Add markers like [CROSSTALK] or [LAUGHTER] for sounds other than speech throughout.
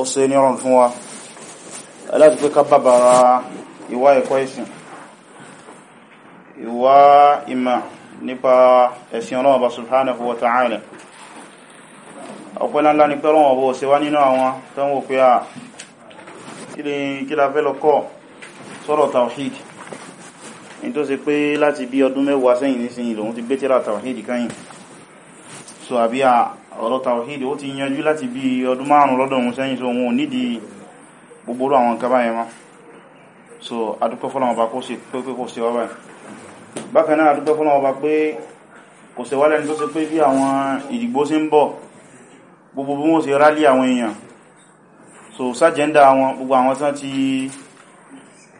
ó ṣe nírọ̀n fún wa láti pé ká bàbára ìwá ẹ̀kọ́ ẹ̀sìn ìwá ìmà nípa ẹ̀sìn ọlọ́wọ́ bá subhanahu wa ta'ala ọ̀pẹ́lá ńlá ni pẹ́rọ wọn bó ṣe wá nínú àwọn tó ń wò pé à kí la fẹ́ lọ kọ́ sọ́rọ̀ tawhid in tó ṣe pé láti bí ọdún mẹ́wàá sẹ́yìn nísìnyí lòun ti gbé tírà tawhid káyìn so àbí à ọ̀rọ̀ tàwàhídì ó ti yanjú láti bí ọdún márùn lọ́dọ̀ òun sẹ́yìn so wọn nídìí gbogbo àwọn nǹkan báyẹn ma so adúpẹ́ kó ṣe pé tó ṣe pé bí àwọn ìdìgbò sí ń bọ̀ gbogbo bí wọ́n ṣe rálí àwọn èèyàn so sájẹ́ndà àwọn gbogbo àwọn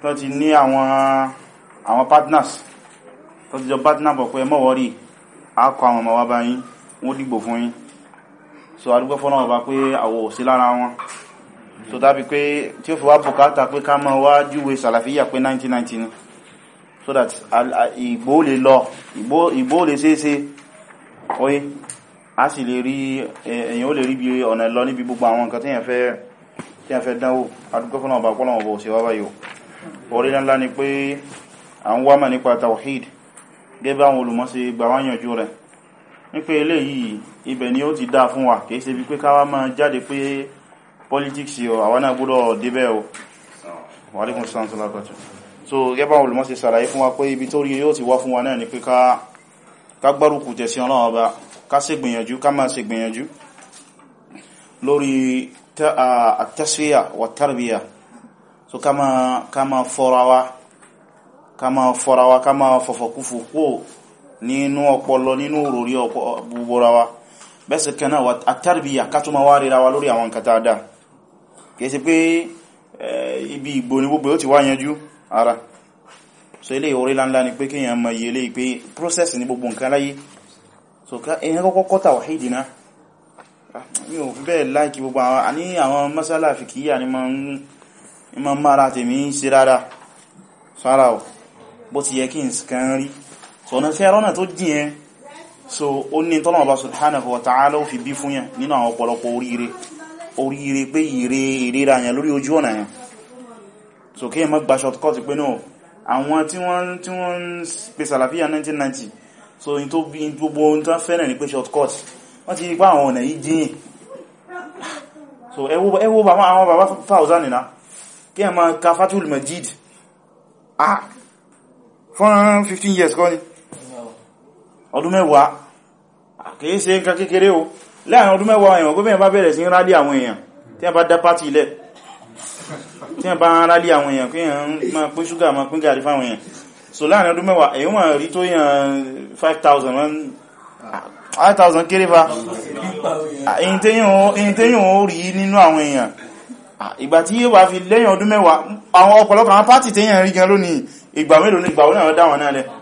tán ti ní àwọn partners tán ti jọ partner pọ̀ pé mọ́wọ́rí àkọ àwọn ọmọ wa wọ́n dìgbò fún yín so adúgbò fọ́nà ọba pé àwọ̀ òsí lára wọn so dábí pé tí ó fi wá bùkátà pé ká mọ́ wá júwe sàlàfíyà pé 1919 so that ìgbó lè lọ ìgbó lè ṣeéṣe oye a sì lè rí èyàn ó lè rí bí ọ̀nà lọ níbi gbogbo àwọn nǹkan tí èyàn fẹ́ dánwò adúgbò fọ́nà ọba pọ́lọ̀ ọba òsí wá báyò orí ńlá ni pé à ń wá mọ̀ nípa tawhid gẹ́gẹ́ bí àwọn olùmọ̀ gbà wáyànjú rẹ̀ nípa eléyìí ibẹ̀ ni ó ti dá fún wa kìí ṣe bí pé káwá máa jáde pé politics yọ àwọn náà gbọ́dọ̀ débẹ̀ o wàlékún sáàtù lápàtù so gẹ́bà olùmọ́ sí sàlàyé fún wa pé ibi tó rí yóò ti wá fún wa náà ni pé ká gbárùkù tẹ̀sí ọlọ́run ọba ká sì gbìyànjú ká máa sì gbìyànjú lórí àtẹ́síyà wà tàrbíyà so ká máa fọ́ra wa bẹ́sẹ̀ kan náà àtàrbíyà kátùmọ̀ wá ríra wa lórí àwọn nǹkan dáadáa kìí pé eh, ibi ìgbò ní gbogbo ó ti wá yanjú ara so ilé orí láńlá ni pé kíyàn mọ̀ yìí lè pé process ni gbogbo nǹkan láyé so èyàn kọ́kọ́ kọ́ta wàhídì náà ah, mi ò fi masala fìkìyà ni ma ń mara tèmi ń ṣe rárá sára ò bó ti yẹ kí so ó ní tọ́lọ́wọ́ bá subhanahu wa ta'ala ó fi bí fún yẹn nínú àwọn ọ̀pọ̀lọpọ̀ oríire oríire pé ìre ìrera yẹn lórí ojú ọ̀nà yẹn so kí yẹn má gba shortcut pé náà àwọn tí wọ́n tí wọ́n pe sàlàfíà 1990 so in tó bí gbogbo ohun tó fẹ́rẹ̀ ní pé shortcut wọ́n ti pa àwọn ọ̀nà yìí dín so ẹwọ́ bàbá àwọn bàbá fàúzà nìna kí yẹn má ka fatul majid ah fún 15 years kọ́ ni ọdún mẹ́wàá kìí ṣe nǹkan kékeré o láàrin ọdún mẹ́wàá èèyàn gómìnà bá bẹ̀rẹ̀ sí rálí àwọn èèyàn tí a bá dá pátì ilẹ̀ tí a bá rálí àwọn èèyàn kí èèyàn máa pín ṣúgà máa pín gàrí fáwọn èèyàn so láàrin ọdún mẹ́wàá èèyàn wà rí tó yàn 5000 5000 kéré fa èyí téyàn ó rí nínú àwọn èèyàn ìgbà tí yíò wà fi lẹ́yìn ọdún mẹ́wàá àwọn ọ̀pọ̀lọpọ̀ àwọn pátì téyàn rí gan lónìí ìgbà mélòó ní ìgbà ó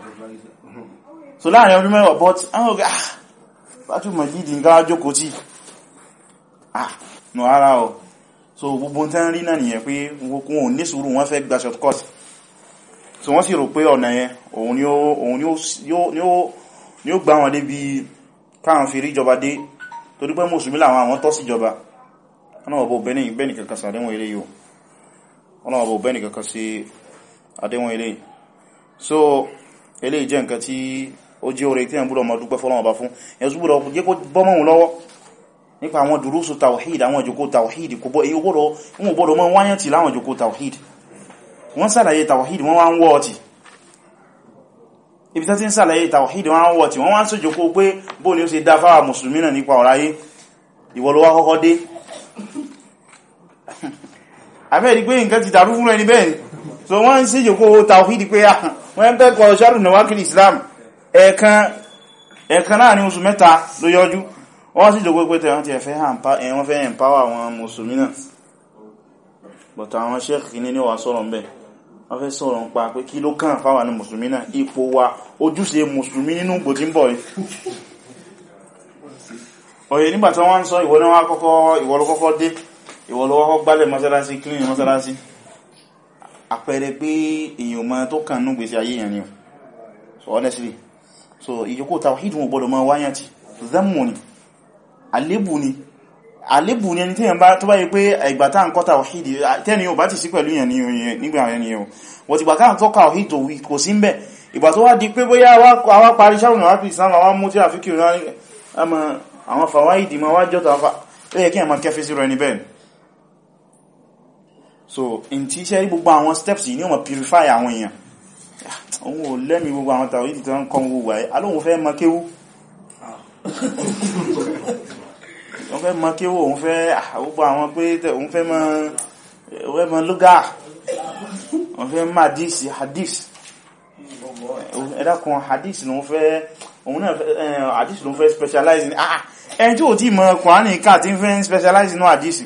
so láàrin ọdún mẹ́wàá but ah, ọ̀gá pàtàkì mọ̀lìdì ń gáwà jókòó tí ah nù ara ọ̀ so gbogbo tẹ́ ń rí náà nìyẹn pé wọn ò ní sùúrù wọ́n fẹ́ gba shortcut so wọ́n sì rò pé ọ̀nà yẹn òun ni ó gbá wọn dé bí káwọn fi rí ìjọba dé torí pé mùsùlùmí làwọn àwọn tọ́ sí ìjọba ọlọ́wọ́ bẹ́ni kankan sí àdéhùn ilé yìí ọlọ́wọ́ bẹ́ni kankan sí àdéhùn ilé so ilé jẹ́ nǹkan tí ó jẹ́ oore tí a ń búrọ̀ mọ́ dúpẹ́ fọ́lọ́wọ́ bá fún ẹ̀ tó búrọ̀ jẹ́ kó bọ́mọ̀ lọ́wọ́ nípa àwọn dùrúsù tawhid àwọn ìjòkó tawhid kò bọ́ èyí wọ́n gbọ́dọ̀ mọ́ wáyán tí láwọn ìjòkó tawhid wọ́n sàlàyé tawhid wọ́n wá ń wọ́ ọ̀tí ibi tẹ́ tí ń sàlàyé tawhid wọ́n wá ń wọ́ ọ̀tí wọ́n wá ń sójòkó pé bó ni ó ṣe dá fáwà mùsùlùmí náà nípa ọ̀rọ̀ ayé ìwọ ló wá kọ́kọ́ dé [LAUGHS] àfẹ́ ìdí pé nǹkan ti dàrú fún ẹni bẹ́ẹ̀ so wọ́n ń sí ìjòkó tawhid pé ah, wọ́n ń kẹ́kọ̀ọ́ sharul nawaqil islam ẹ̀ẹ̀kan láàrin oṣù mẹ́ta ló yọjú wọ́n sì jọgbé pẹ́tẹ̀ wọ́n ti ẹ̀fẹ́ empower àwọn mùsùlùmí náà but àwọn sẹ́ẹ̀kì ní wà sọ́rọ̀ ń bẹ̀ wọ́n fẹ́ sọ̀rọ̀ ń pa pé kí ló kàn fáwà ní mùsùlùmí náà ipò wa ojúṣe mùsùlùmí nínú gbò tí ń bọ̀ ọ̀yẹ̀ nígbàtí wọ́n ń sọ ìwọ náà kọ́kọ́ ìwọ ló kọ́kọ́ dé ìwọ ló kọ́kọ́ gbálẹ̀ mọ́sálásí clean mọ́sálásí àpẹẹrẹ pé èèyàn mọ́ tó kàn nú gbèsè ayé yẹn ni honestly so ìjókòó tawhid wọn gbọ́dọ̀ máa wáyàn tí zammu ni àlébù ni àlébù ni ẹni tí yẹn bá tó bá yẹ pé ìgbàtà ń kọ́ tawhid tẹ́ni yóò bá ti sí pẹ̀lú yẹn nígbà yẹn ni yóò wọ́n ti gbàtà ń kọ́ tawhid kò sí ń bẹ̀ ìgbà tó wá di pé bóyá àwa parí sáwọn àwọn àpì ìsáwọn àwọn mú tí a fi kiri àwọn fàwá ìdí ma wá jọta fa ó yẹ kí ẹ̀mà kẹfẹ́ sí rọ ẹni bẹ́ẹ̀ so in ti ṣe gbogbo àwọn steps yìí ni ó ma purify àwọn èèyàn òun ò lẹ́mìí gbogbo àwọn tàwí tí wọ́n kọ́ gbogbo ẹ̀ alóhun fẹ́ ma kéwú òun fẹ́ ma kéwú òun fẹ́ gbogbo àwọn pé òun fẹ́ ma òun fẹ́ ma lúgà òun fẹ́ ma hadith hadith ẹ̀dàkùn hadith ló ń fẹ́ òun náà hadith ló ń fẹ́ specialize ní ah ẹni tí ò tí mọ̀ Kùránì ká tí fẹ́ specialize ní hadith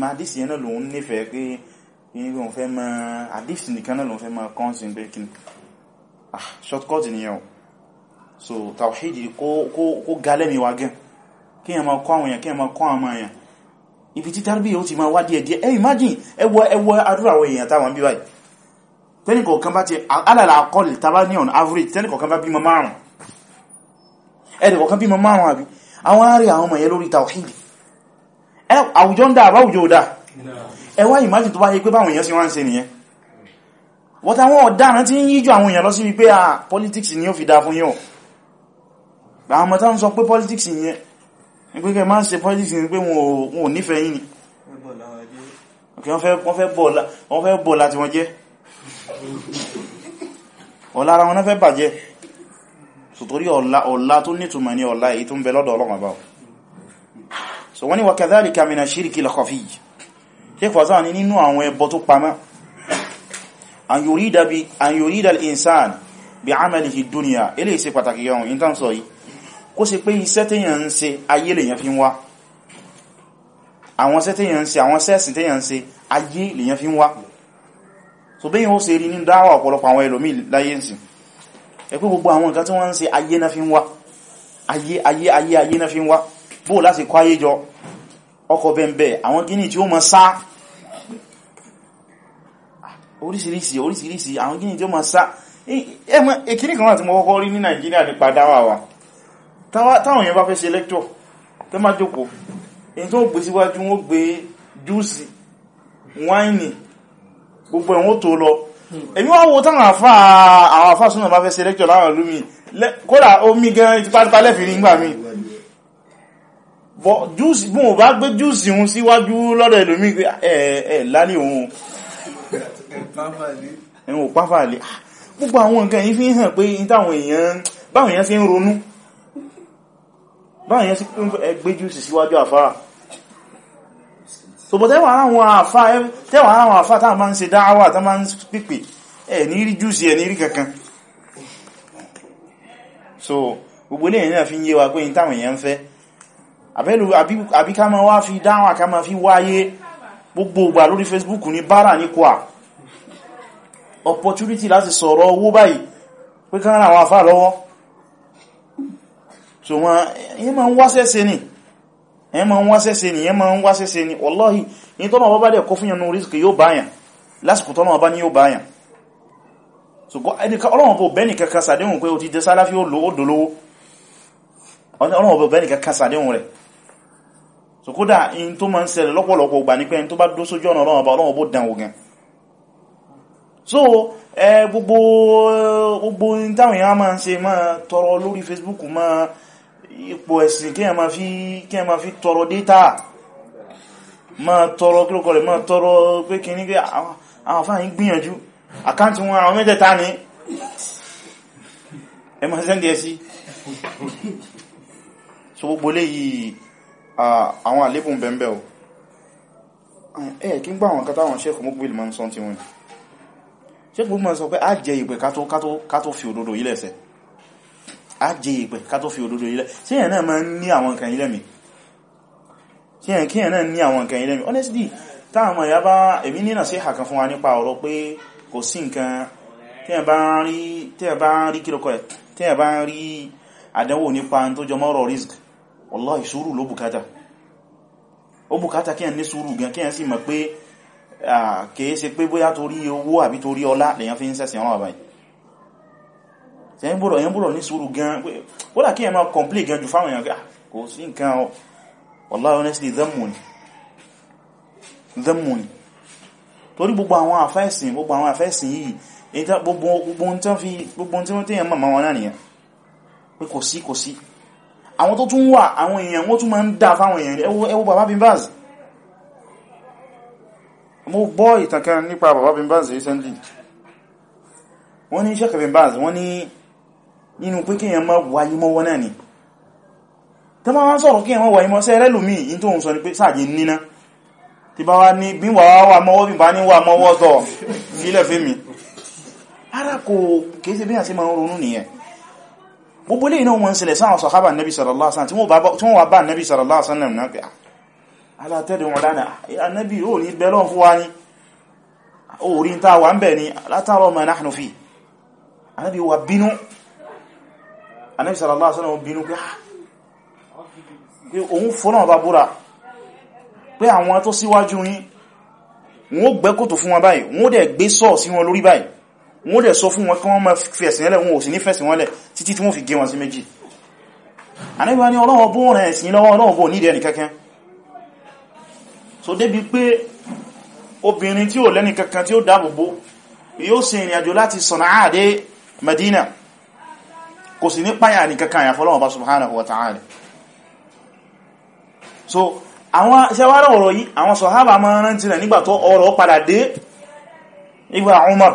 hadith yẹn náà lòun nífẹ̀ẹ́ pé yìí ló ń fẹ́ mọ́ àdífì nìkan náà ló ń fẹ́ mọ́ kọ́nsìn pé kí ah shortcut nìyẹn o so tawhid kó galẹ́mi wa gẹ́ kí èyàn máa kọ́ àwọn èyàn kí èyàn máa kọ́ àwọn èyàn ibi tí tàbí ó ti máa wá díẹ̀ díẹ̀ ẹ imagine ẹwọ ẹwọ àdúrà àwọn èyàn táwọn bí báyìí tẹ́nìkọ̀ kan bá ti alàlà on average tẹ́nìkọ̀ kan bá bímọ márùn ẹnìkọ̀ kan bímọ márùn àbí àwọn àárẹ̀ àwọn ọmọ yẹn lórí tawhid ẹ wá imagine tó bá yẹ pé báwọn èèyàn sí wá ń ṣe nìyẹn wọ́n táwọn ọ̀daràn tí ń yíjú àwọn èèyàn lọ sí wípé à ah, politics ni ó fi dá fún yíò àwọn ọmọ táwọn sọ pé politics yẹn ní pé kẹ máa ń ṣe politics ní pé wọn ò nífẹ̀ẹ́ yìí ni wọ́n fẹ́ bọ̀ láti wọ́n jẹ́ ọ̀la ara wọn náà fẹ́ bàjẹ́ sòtórí ọ̀la tó nítumọ̀ ní ọ̀la èyí tó ń bẹ lọ́dọ̀ ọlọ́mọ̀bá so wọ́n ni wa kadhalika mina shirki al-khafi sheik fazan ní nínú àwọn ẹbọ tó pamọ́ an yurida bi an insan bi amalihi dunya ele ṣe pàtàkì yawon in tan so yi kò ṣe pé iṣẹ́ tẹ́yàn ń ṣe ayé lèyàn fi ń wá àwọn iṣẹ́ tẹ́yàn ń ṣe àwọn sẹ́ẹ̀sì tẹ́yàn ń ṣe ayé lèyàn fi ń wá so bẹ́yìn ó ṣe rí ní dáwà ọ̀pọ̀lọpọ̀ àwọn ẹlòmí láyé ǹsìn ẹ pé gbogbo àwọn nǹkan tí wọ́n ń ṣe ayé náà fi ń wá ayé ayé ayé ayé náà fi ń wá bóò láti kọ́ ayé jọ ọkọ̀ bẹ̀m̀bẹ̀ àwọn gíní tí ó mọ sáà oríṣiríṣi oríṣiríṣi àwọn gíní tí ó ma sá ẹmọ ìkíní kan láti mọ́ kọ́kọ́ rí ní Nàìjíríà ní pàdáwà wa táwọn èèyàn bá fẹ́ ṣe lẹ́kítọ̀ tó má jókòó èyí tó gbé síwájú wọ́n gbé júùsì wáìnì gbogbo ẹ̀wọ́n tó lọ èmi wá wo táwọn àfáà súnà bá fẹ́ ṣe lẹ́kítọ̀ láwọn olómi kódà omi gan tipátipá lẹ́fì ní ìgbà mi júùsì bóun bá gbé júùsì hun síwájú lọ́dọ̀ ẹlòmí ẹ̀ ẹ̀ lálẹ́ òun ẹ̀wọ̀n pàfàlì ah, gbogbo àwọn nǹkan yìí fi hàn pé ìtàwọn èèyàn báwọn èèyàn sí ń ronú báwọn èèyàn sí gbéjú sí síwájú àfáà so bọ̀ tẹ́wà àwọn àfáà táà máa ń ṣe dáwà táà máa ń pípè ẹ̀ ní rí jùsì ẹ̀ ní rí kankan so gbogbo ilé ìrìnà fi ń yé wa pé ìtàwọn èèyàn fẹ́ àbẹ́lú àbí ká máa wá fi dáwà ká máa fi wáyé gbogbo ìgbà lórí Facebook ní bára ní kwà opportunity láti sọ̀rọ̀ owó báyìí pé ká ràn àwọn àfáà lọ́wọ́ so wọn yẹn ma ń wáṣẹ́ṣe ni yẹn ma ń wáṣẹ́ṣe ni yẹn ma ń wáṣẹ́ṣe ni wallahi yìí tọ́nà ọba bá dẹ̀ kọ́ fúnyàn ní rísìkì yóò báyàn lásìkò tọ́nà ọba ní yóò báyàn so ọlọ́wọ̀n bó bẹ́ni kẹka sàdéhùn pé o ti dé sálàfí ó dolówó ọlọ́wọ̀n bó bẹ́ni kẹka sàdéhùn rẹ̀ so kódà in tó ma ń ṣẹlẹ̀ lọ́pọ̀lọpọ̀ gbà ní pé in tó bá dó sójú ọ̀nà ọlọ́wọ̀n bá ọlọ́wọ̀n bó dànwò gan so ẹ gbogbo gbogbo táwọn èèyàn máa ń ṣe máa tọrọ lórí facebook máa ipò ẹ̀sìn kí ẹ máa fi kí ẹ máa fi tọrọ data máa tọrọ kílòkọ̀ rẹ̀ máa tọrọ pé kí ní pé àwọn àfáà ń gbìyànjú àkáǹtì wọn àwọn mẹ́tẹ̀ẹ̀ta ní ẹ máa sẹ́ndì ẹ sí so gbogbo lè yìí àwọn àlébùn o ẹ̀ kí ń gbà àwọn kátàwọn sẹ́kù mọ́gbìl máa ń sọ́ntí wọn ṣe gbogbo sọ pé a jẹ ikpe ká tó fi òdodo ilẹ̀ ṣe a jẹ ìpẹ̀ ká tó fi òdodo ilẹ̀ ṣe yẹn náà ma ń ní àwọn nǹkan ilẹ̀ mi ṣe yẹn kí yẹn náà ní àwọn nǹkan ilẹ̀ mi honestly táwọn ọmọ ìyá bá èmi nínà sí àkàn fún wa nípa ọ̀rọ̀ pé kò sí nǹkan tẹ́yàn bá bá ń rí àdánwò kìí ṣe pé bóyá torí owó àbí torí ọlá lèyàn fi ń sẹ́sìn ọ̀rọ̀ àbáyìí tí ẹ̀yìn búrọ̀ ẹ̀yìn búrọ̀ ní sùúrù gan wọ́n lákí ẹ̀mọ́ complete gan jù fáwọn èèyàn ah, kò sí nǹkan wallahi honestly dẹ́mùn torí gbogbo àwọn àfẹ́sìn gbogbo àwọn àfẹ́sìn yìí gbogbo ohun tí wọ́n tẹ́yàn mọ̀ wọn náà nìyàn pé kò sí kò sí àwọn tó tún wà àwọn èèyàn wọ́n tún máa ń dà fáwọn èèyàn ẹwọ́ bàbá bin báàzì mo gbọ́ ìtànkan nípa bàbá bin Baz recently wọ́n ní Sheikh bin Baz wọ́n ní nínú pé kí èyàn má wáyé mọ́ wọ́n náà ni tó máa wọ́n sọ̀rọ̀ kí èyàn má wáyé mọ́ sẹ́rẹ́ lómi in tó ń sọ ni pé sáàjì níná ti bá wá ní bí wà wà mọ́wọ́ bí bá ní wà mọ́wọ́ tọ̀ fílẹ̀ fẹ́ mi ara kò kéèsè bí àti máa ń ronú nìyẹn gbogbo lè náà wọ́n ń ṣẹlẹ̀ sáwọn sallallahu alaihi wasallam tí wọ́n wà bá sallallahu alaihi wasallam náà ah, alátẹ́dùn ọ̀lánà anábì ò ní bẹ́lọ́n fún wa ní orí ta wà ń bẹ̀ ní látàrọ ma náà fi anábì wà bínú anábì sallallahu alaihi wasallam bínú pé ah! òun fọ́nà bá búra pé àwọn tó síwájú yín wọ́n gbẹ́ kòtò fún wọn báyìí wọ́n dẹ̀ gbé sọ́ọ̀ sí wọn lórí báyìí wọ́n dẹ̀ sọ fún wọn kí wọ́n máa fi ẹ̀sìn ẹlẹ̀ wọn ò sí títí tí wọ́n fi gé wọn sí méjì anábì wa ní ọlọ́wọ́ bó ẹ̀sìn lọ́wọ́ ọlọ́wọ́ bó nídẹ̀ẹ́ nìkẹ́kẹ́ so débi pé obìnrin tí ó lẹ́ni kankan tí ó dáàbòbò yóò ṣe ìrìn àjò láti Sànáà dé Madina kò sì ní páyà ní kankan àyàfi Ọlọ́run Ọba subhanahu wa ta'ala so àwọn ṣẹwàrá ọ̀rọ̀ yìí àwọn sàhábà máa rántí rẹ̀ nígbà tó ọ̀rọ̀ padà dé ìgbà Umar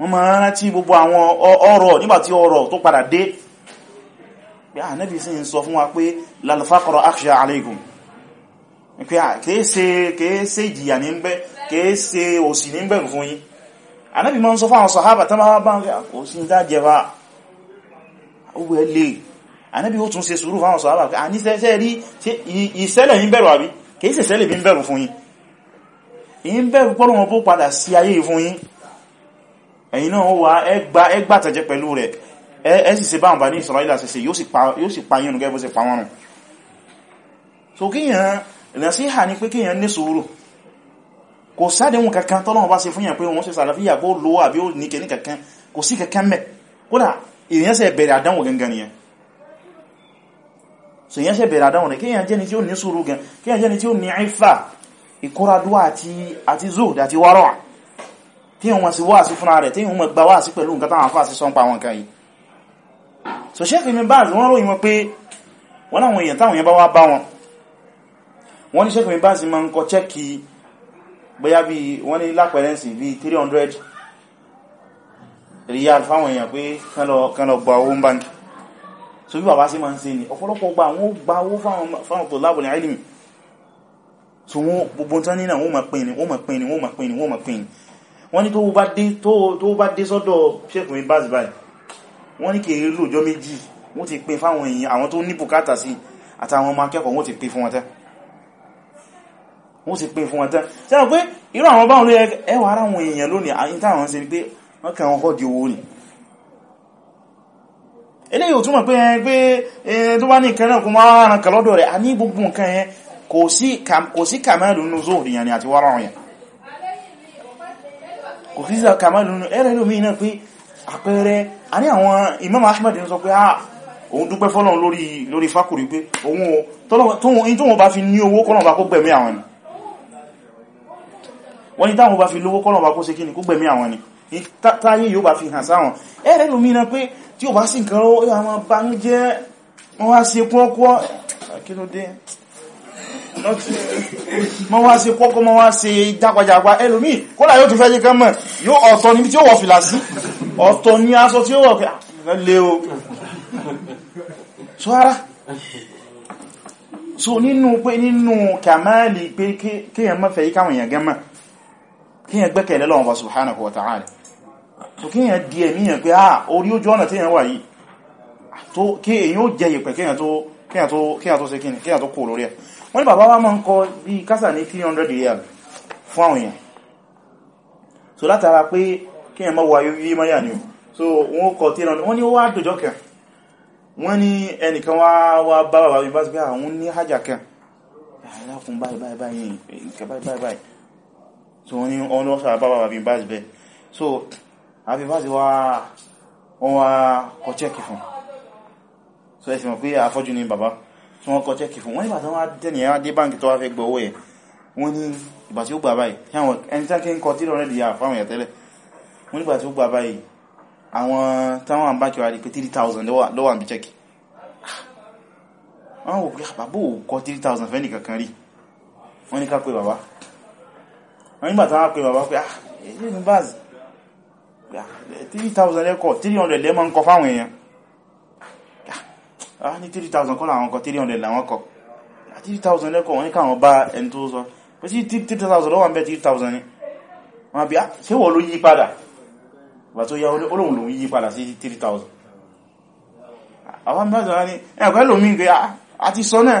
wọ́n máa rántí gbogbo àwọn ọ̀rọ̀ nígbà tí ọ̀rọ̀ tó padà dé pé Ànábì sì ń sọ fún wa pé lalfaqra akhsha alaykum pé à ah, kèése ìjìyà ní bẹ kèése òsì ní bẹ̀rù fún yín anábì ma ń sọ fáwọn sọ̀hábà tán bá ń rí àkóòsí dájẹwa owó ẹlẹ́ anábì ó tún ṣe sùúrù fáwọn sọ̀hábà a ah, ní sẹ́sẹ́ rí ìṣẹ̀lẹ̀ yín bẹ̀rù àbí kèése ìṣẹ̀lẹ̀ bí ń bẹ̀rù fún yín yín bẹ̀rù pọ́lọ̀ so kíyàn nàsíhà ní pé kíyàn ní sùúrù kò sádẹ̀wọ̀n kankan tọ́lọ́wọ́n bá ṣe fún yàn pé wọ́n ṣe sàlàfíyà bó lówó àbí ó ní kẹ́ní kankan kò sí kankan mẹ́ kódà èyàn ṣe bẹ̀rẹ̀ àdánwò gangan nìyẹn so èyàn ṣe bẹ̀rẹ̀ àdánwò rẹ̀ kíyàn jẹ́ni tí ó ní sùúrù gan kíyàn jẹ́ni tí ó ní ìfà ìkóradúwà àti àti zood àti wárọ̀ tí wọ́n sì wá sí fúnra rẹ̀ ròyìn wọn pé wọ́n láwọn èèyàn táwọn yẹn bá wá bá wọn wọ́n ní sẹ́kùnrin bá sí ma ń kọ chẹ́kì bóyá bí wọ́n ní lápẹ̀rẹ́nsì bí 300 riyal fáwọn èèyàn pé kán lọ gba owó ń báńkì so bí bàbá sí ma ń ṣe ní ọ̀pọ̀lọpọ̀ gba àwọn gba owó fáwọn tó lábùn ilmi so wọ́n gbogbo tán nínà wọ́n ma pè ní wọ́n ma pè ní wọ́n ma pè ní wọ́n ma pè ní wọ́n ní tó bá dé sọ́dọ̀ sẹ́kùnrin bá sí báyìí wọ́n ní kèrè lóòjọ́ méjì wọ́n ti pè fáwọn èèyàn àwọn tó ní bùkátà sí àtàwọn ọmọ akẹ́kọ̀ọ́ wọ́n ti pè fún wọn tẹ́ wọ́n sì pín fún wọn tán tí wọ́n pé irú àwọn báwọn lóyẹ ẹwà ara wọn èèyàn lónìí àyín táwọn ṣe pé wọ́n kàn wọ́n họ́dí owó ni eléyìí ò túnmọ̀ pé ẹn pé ẹn tó bá ní nǹkan náà kó máa Imam Ahmad ń sọ pé ah òun dúpẹ́ fọ́lọ́run lórí lórí fákùrí pé òun tóhun bá fi ní owó kọ́lọ̀ bá kó gbẹ̀mí àwọn ẹni wọ́n ní táwọn bá fi lówó kọ́nà bá kó ṣe kí ní kó gbẹ̀mí àwọn ni táyé yóò bá fi hàn sáwọn ẹ̀rẹ́ lómi náà pé tí ó bá sí nǹkan ó yà wọn bá ń jẹ́ wọ́n wá ṣe kọ́kọ́ kí ló dé wọ́n wá ṣe kọ́kọ́ wọ́n wá ṣe jágbàjàgbà ẹlòmí kọ́lá yóò tún fẹ́ jẹ́ kán mọ̀ yóò ọ̀tọ̀ níbi tí ó wọ̀ fìlà sí ọ̀tọ̀ ní aṣọ tí ó wọ̀ pé lè o so ara so nínú pé nínú kàmáàlì pé kéèyàn mọ́fẹ̀ẹ́ káwọn èèyàn gẹ́mọ̀ kíyàn gbẹ́kẹ̀lé lọ́wọ́ bá subhanahu wa ta'ala so kíyàn di ẹ̀míyàn pé ah orí ojú ọ̀nà tíyàn wà yìí kí èyàn ó jẹ ìpẹ̀ kíyàn tó kó lórí ẹ̀ wọ́n ní bàbá wa ń kọ bí kásà ní 300 fún àwọn so látara pé kíyàn wà yí ni so wọ́n kọ wọ́n ó wá kẹ wọ́n ní ẹnìkan wá wá bá bàbá àwọn ní ah, kẹ so wọ́n ní on lo sa baba baba bin so abi bas wa on wa fún so ẹ sì mọ̀ pé afọ́jú ni baba so wọ́n ko check fún wọ́n ní ba ton wa de ni ya de bank tó wá fẹ́ gbowó ẹ̀ wọ́n ní ìgbà tí ó ya fa ya tẹ́lẹ̀ wọ́n ní ìgbà tí ó gbà báyìí àwọn táwọn àbákẹ́ wà rí pé 3000 ló wà níbi check wọ́n wò pé bàbá ò kọ 3000 fẹ́ ká pé bàbá wọ́n nígbà tán pé bàbá pé ah ilé ní báàzì 3000 lẹ́kọ̀ 300 lẹ́mọ́ ń kọ fáwọn èèyàn ah, ah ní 3000 kọ́ làwọn kọ 300 làwọn kọ 3000 ah, lẹ́kọ̀ wọ́n ní káwọn bá ẹni tó sọ pé sí 3000 lọ́wọ́ ń bẹ́ 3000 ni wọ́n bí ah ṣé wọ́n ló yí padà bà tó yá olóhùn lòun yí padà sí 3000 àwọn mẹ́ta ní ẹ̀kọ́ ẹlòmí pé ah, a ti sọ náà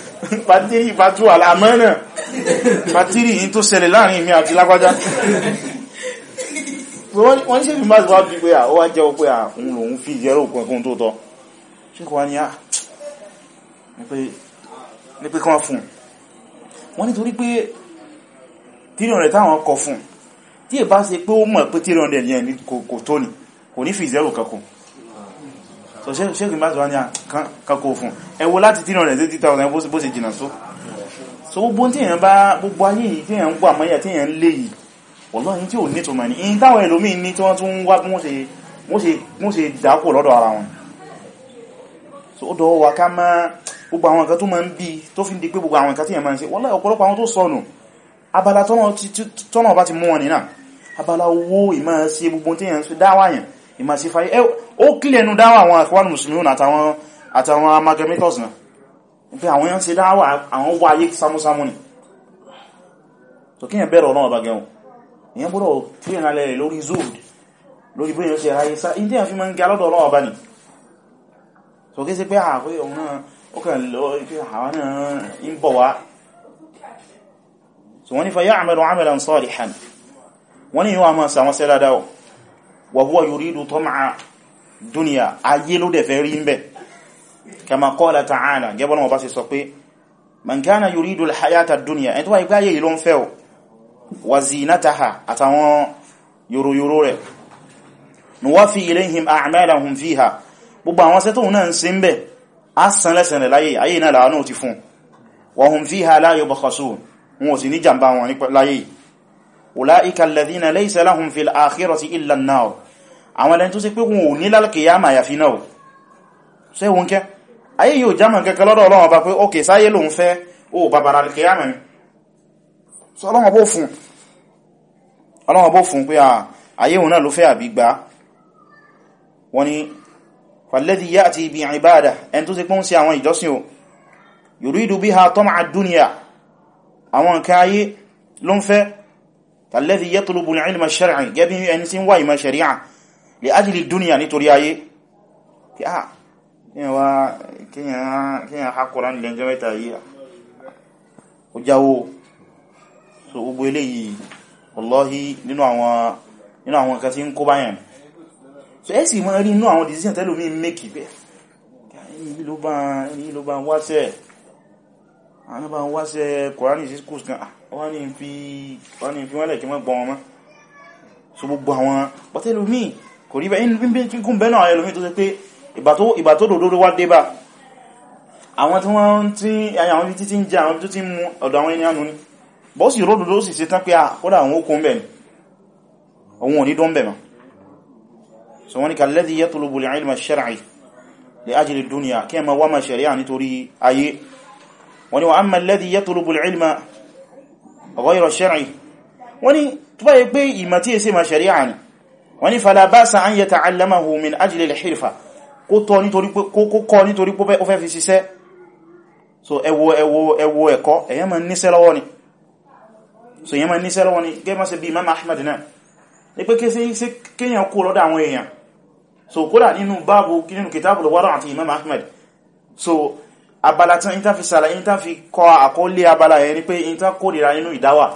pàtírì fàtú àmọ́nà pàtírì yìí tó ṣẹlẹ̀ láàrin mi àti lágbájá wọ́n ṣe fi máa bí pé àwọ́ wá jẹ́ pé àwọn òun fi ìjẹ́rò kọ̀ọ̀kan tó tọ́ ṣíkọ̀ wá ní à ní pé kán fún wọ́n nítorí pé so ṣéèkì bá tọ́wà ní àkàkò fún ẹwọ láti tí rẹ̀ tí tàwọn ẹwọ́ bó ṣe jìnà só so gbogbo tí èyàn bá gbogbo ayé yìí tí èyàn ń gbà mọ́yà tí èyàn lè yìí wọ́lọ́ yìí tí ò ní tó mọ̀ in táwọn ẹlòmí ní tí wọ́n tún wá wọ́n ṣe dákò lọ́dọ̀ ara wọn so ó dọ̀wọ́ wa ká má gbogbo àwọn nǹkan tó máa ń bí tó fi ń di pé gbogbo àwọn nǹkan tí èyàn máa ń ṣe wọ́lọ́ ìmàsífàyé eh, ó kílẹ̀ ẹnu dáwà àwọn àkọwàlù musulmi àtàwọn àtàwọn amalgamators náà pé àwọn yán ṣe dáwà àwọn wá ayé sámúsámú ni tó kíyàn bẹ̀rẹ̀ ọ̀nà ọba gẹun èyàn gbọ́dọ̀ tí ìrìn alẹ́ lórí zood lórí bí èyàn ṣe ráyé sá indí àfi ma ń gẹ alọ́dọ̀ ọlọ́ọ̀bá ni tó kí sí pé àpé òun náà ó kàn lọ pé àwọn náà ń bọ̀ wá so wọ́n ni fa ya'malu 'amalan salihan wọ́n ni yíò àmọ́ sàwọn sẹ́lá dáwọ̀ wa huwa yuridu tam'a dunya ayé ló dẹ̀ fẹ́ rí ń bẹ̀ kama qala ta'ala gẹ́bọ́n wọn bá sì sọ pé man kana yuridu al-hayata ad-dunya ẹni tó wáyé gbáyé yìí ló ń fẹ́ o wa zinataha àtàwọn yòròyòrò rẹ̀ nuwafi ilayhim a'malahum fiha gbogbo àwọn sẹ́tò náà ń sin bẹ̀ á san lẹ́sẹ̀rẹ̀ láyé ayé náà làwọn náà ti fún wa hum fiha la yubkhasun wọn ò sì ní jàmbá wọn láyé yìí ulaika alladhina laysa lahum fil akhirati illa an-nar àwọn lẹ́n tó ṣe pé wọn ò ní lálkìyàmà yàfi náà ṣe wọn kẹ́ ayé yóò jámà kẹ́kẹ́ lọ́dọ̀ ọlọ́wọ́ bá pé ókè sáyé lòun fẹ́ ó bàbàrà alkìyàmà mi so ọlọ́wọ́ bó fún ọlọ́wọ́ bó fún pé ayé òun náà ló fẹ́ àbí fẹ́ alladhi yatlubu al-ilma ash-shar'i gẹ́bí ẹni tí ń wá ìmọ̀ ṣẹ̀ríà li ajli dunya nítorí ayé kí á kíyàn ha kọ́rán ilẹ̀ jẹ́ mẹ́ta yìí ó jáwó so gbogbo eléyìí wallahi nínú àwọn kan tí ń kó báyàn so ẹ́sì mọ́ rí inú àwọn decision tẹ́lò mí mẹ́kì bẹ́ ẹni ló bá ń wáṣẹ́ kọ́rán ìsìnkú kan wọ́n ní fi wọ́n lẹ̀ kí wọ́n gbọ́n wọn mọ́ so gbogbo àwọn pọ̀tẹ́lù míì kò rí bẹ́ẹ̀ kíkún bẹ́ẹ̀ náà ẹlòmí tó ṣe pé ìgbà tó dòdó wá dé bá àwọn tí wọ́n tí àwọn ibi títí ń jẹ àwọn tó ti mú ọ̀dọ̀ àwọn ẹni ànú ni bọ́ sì ródòdó sì ṣe tán pé àkọ́dà àwọn okun bẹ̀ ni òun ò ní wọ́n ni wọ́n ni wa amma alladhi yatlubu al ghayra shar'i wọ́n ní tó bá yẹ pé ìmọ̀ tí èsì ma ṣẹ̀ríà ni wọ́n ní fala ba'sa an yata'allamahu min ajli al-hirfa kó kọ́ nítorí pé ó fẹ́ fi ṣiṣẹ́ so ẹwọ ẹwọ ẹwọ ẹ̀kọ́ èyàn ma níṣẹ́ lọ́wọ́ ni so èyàn ma níṣẹ́ lọ́wọ́ ni gẹ́ ma ṣe bí Imam abala tán ìta fi sàlàyé ìta fi kọ àkọlé abala yẹn ni pé ìta kórìíra nínú ìdáwà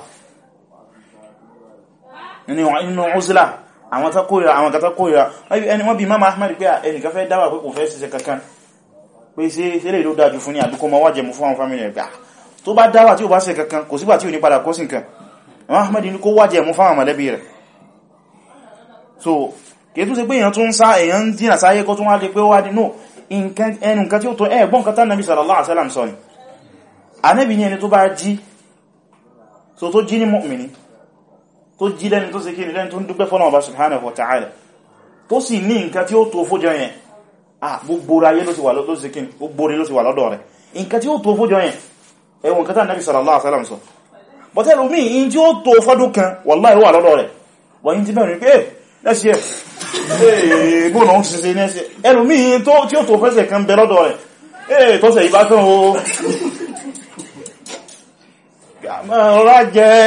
nínú uzla àwọn tá kórìíra àwọn kàtà kórìíra ẹni wọ́n bí mama ahmed pé ah, ẹnìkan fẹ́ dáwà pé kò fẹ́ ṣiṣẹ́ kankan pé ṣe lè ló dájú fún ní àdúkọ ma wájẹ mú fún àwọn fámílì ẹgbà ah, tó bá dáwà so kìí tún ṣe pé èèyàn tún sá èèyàn ń dínà sáyé kó ẹnu nǹkan tí ó tó ẹgbọ́n kan tán nàbí sallallahu alaihi wasallam sọ ni anẹ́bì ní ẹni tó bá jí so tó jí ní mọ́mìnì tó jí lẹ́ni tó sekí lẹ́ni tó ń dúpẹ́ fọ́nà ọba subhanahu wa ta'ala tó sì ní nǹkan ah gbogbo ayé ló ti wà lọ́dọ̀ sekí gbogbo ló ti wà lọ́dọ̀ rẹ̀ nǹkan tí ó tó fójọ yẹn ẹwọ̀n nǹkan tán nàbí sallallahu alaihi wasallam sọ bọ́tẹ́lùmí in tí next year bóòlù ọ̀hún ti ṣe next year ẹlòmíì tí ó tó fẹ́sẹ̀ kan bẹ lọ́dọ̀ rẹ̀ ee tọ́sẹ̀ ìbá kan o ọ̀rá jẹ́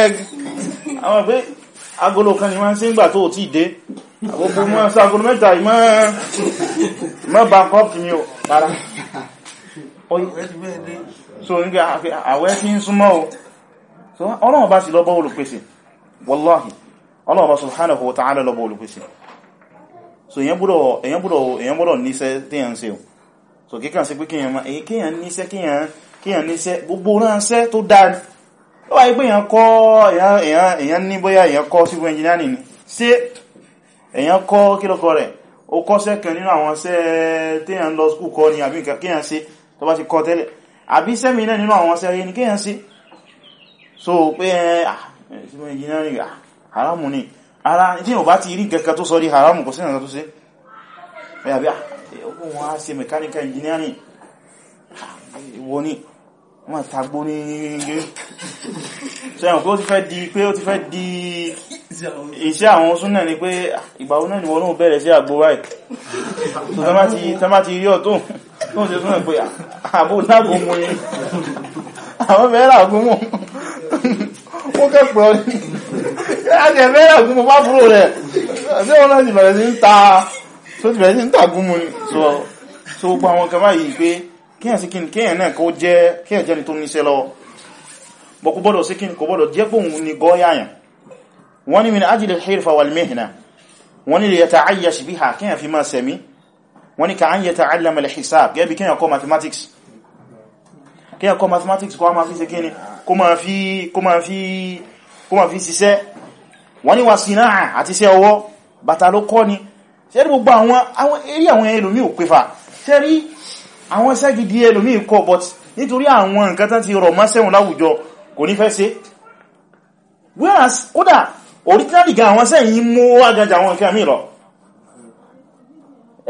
àwọn pé agolo kan ni wọ́n sí ìgbà tó ti dé àgbogbo mọ́ sagolo mẹ́ta ìmọ́ mọ́ bankrupt ni o rárá so nígbà àwẹ́ tí ń súnmọ́ o ọlọ́run bá sì lọ́bọ́ olùpèsè wallahi Ọlọ́run subhanahu wa ta'ala lọ́bọ̀ olùpèsè so èyàn gbọ́dọ̀ níṣẹ́ téyàn ṣe so kíkàn sí pé kíyàn níṣẹ́ kíyàn níṣẹ́ gbogbo ránṣẹ́ tó dáa ó wáyé pé èyàn kọ́ èyàn ní bóyá èyàn kọ́ sí ẹnjìnírì ni ṣe èyàn kọ́ kílọ́kọ́ rẹ̀ ó kọ́ṣẹ́ kan nínú àwọn ṣẹ́ téyàn lọ skú kọ́ ni àbí kíyàn ṣe tó bá ti kọ́ tẹ́lẹ̀ àbí sẹ́mìnà nínú àwọn ṣẹ́ yẹn ni kíyàn ṣe so pé ẹ̀ ah, haramu ni ara tí o bá ti rí kẹkẹ tó sọ rí haramu kò sí ìrìnà tó sí ẹ̀yà bí ogun wọn á ṣe mechanical engineering wọ́n ni wọ́n tàgbó ní ṣẹ́yàn pé ó ti fẹ́ di pé ó ti fẹ́ di iṣẹ́ àwọn súnnà ni pé ìgbà oná ni wọ́n náà bẹ̀rẹ̀ sí àgbó ráì tó tẹ́má ti rí ọ̀tún tó ṣe súnnà pé àbò lágbó mú ni àwọn bẹ̀rẹ̀ àgbó mú ó kẹ́pọ̀ ní láti ẹ̀fẹ́ àgún mo bá fúró rẹ̀ ṣé wọn náà ti bẹ̀rẹ̀ sí ń ta tó ti bẹ̀rẹ̀ sí ń tàgún mu sọ so gbogbo àwọn kan báyìí pé kíyàn sí kíni kíyàn náà kó jẹ́ kíyàn jẹ́ni tó níṣẹ́ lọ́wọ́ bọ̀ kò gbọ́dọ̀ sí kíni kò gbọ́dọ̀ jẹ́ pòun ni gọ́yàyàn wọ́n ni min ajiyar hirfa wal mihna wọ́n ni lè yata ayyashi biha wọ́n ni lè hisab gẹ́bí kíyàn kọ́ mathematics kíyàn kọ́ fi ṣe kíni kó ma fi wọ́n ní wà sínáà àti iṣẹ́ ọwọ́ bàtà ló kọ́ ni ṣe rí gbogbo àwọn eré àwọn ẹlòmí ò pèfà ṣe rí àwọn ṣẹ́gidi ẹlòmí kọ́ but nítorí àwọn nǹkan tán ti rọ̀ mọ́sẹ̀hùn láwùjọ kò ní fẹ́ ṣe whereas kódà originally ga àwọn sẹ́yìn mú agajà àwọn nǹkan mí lọ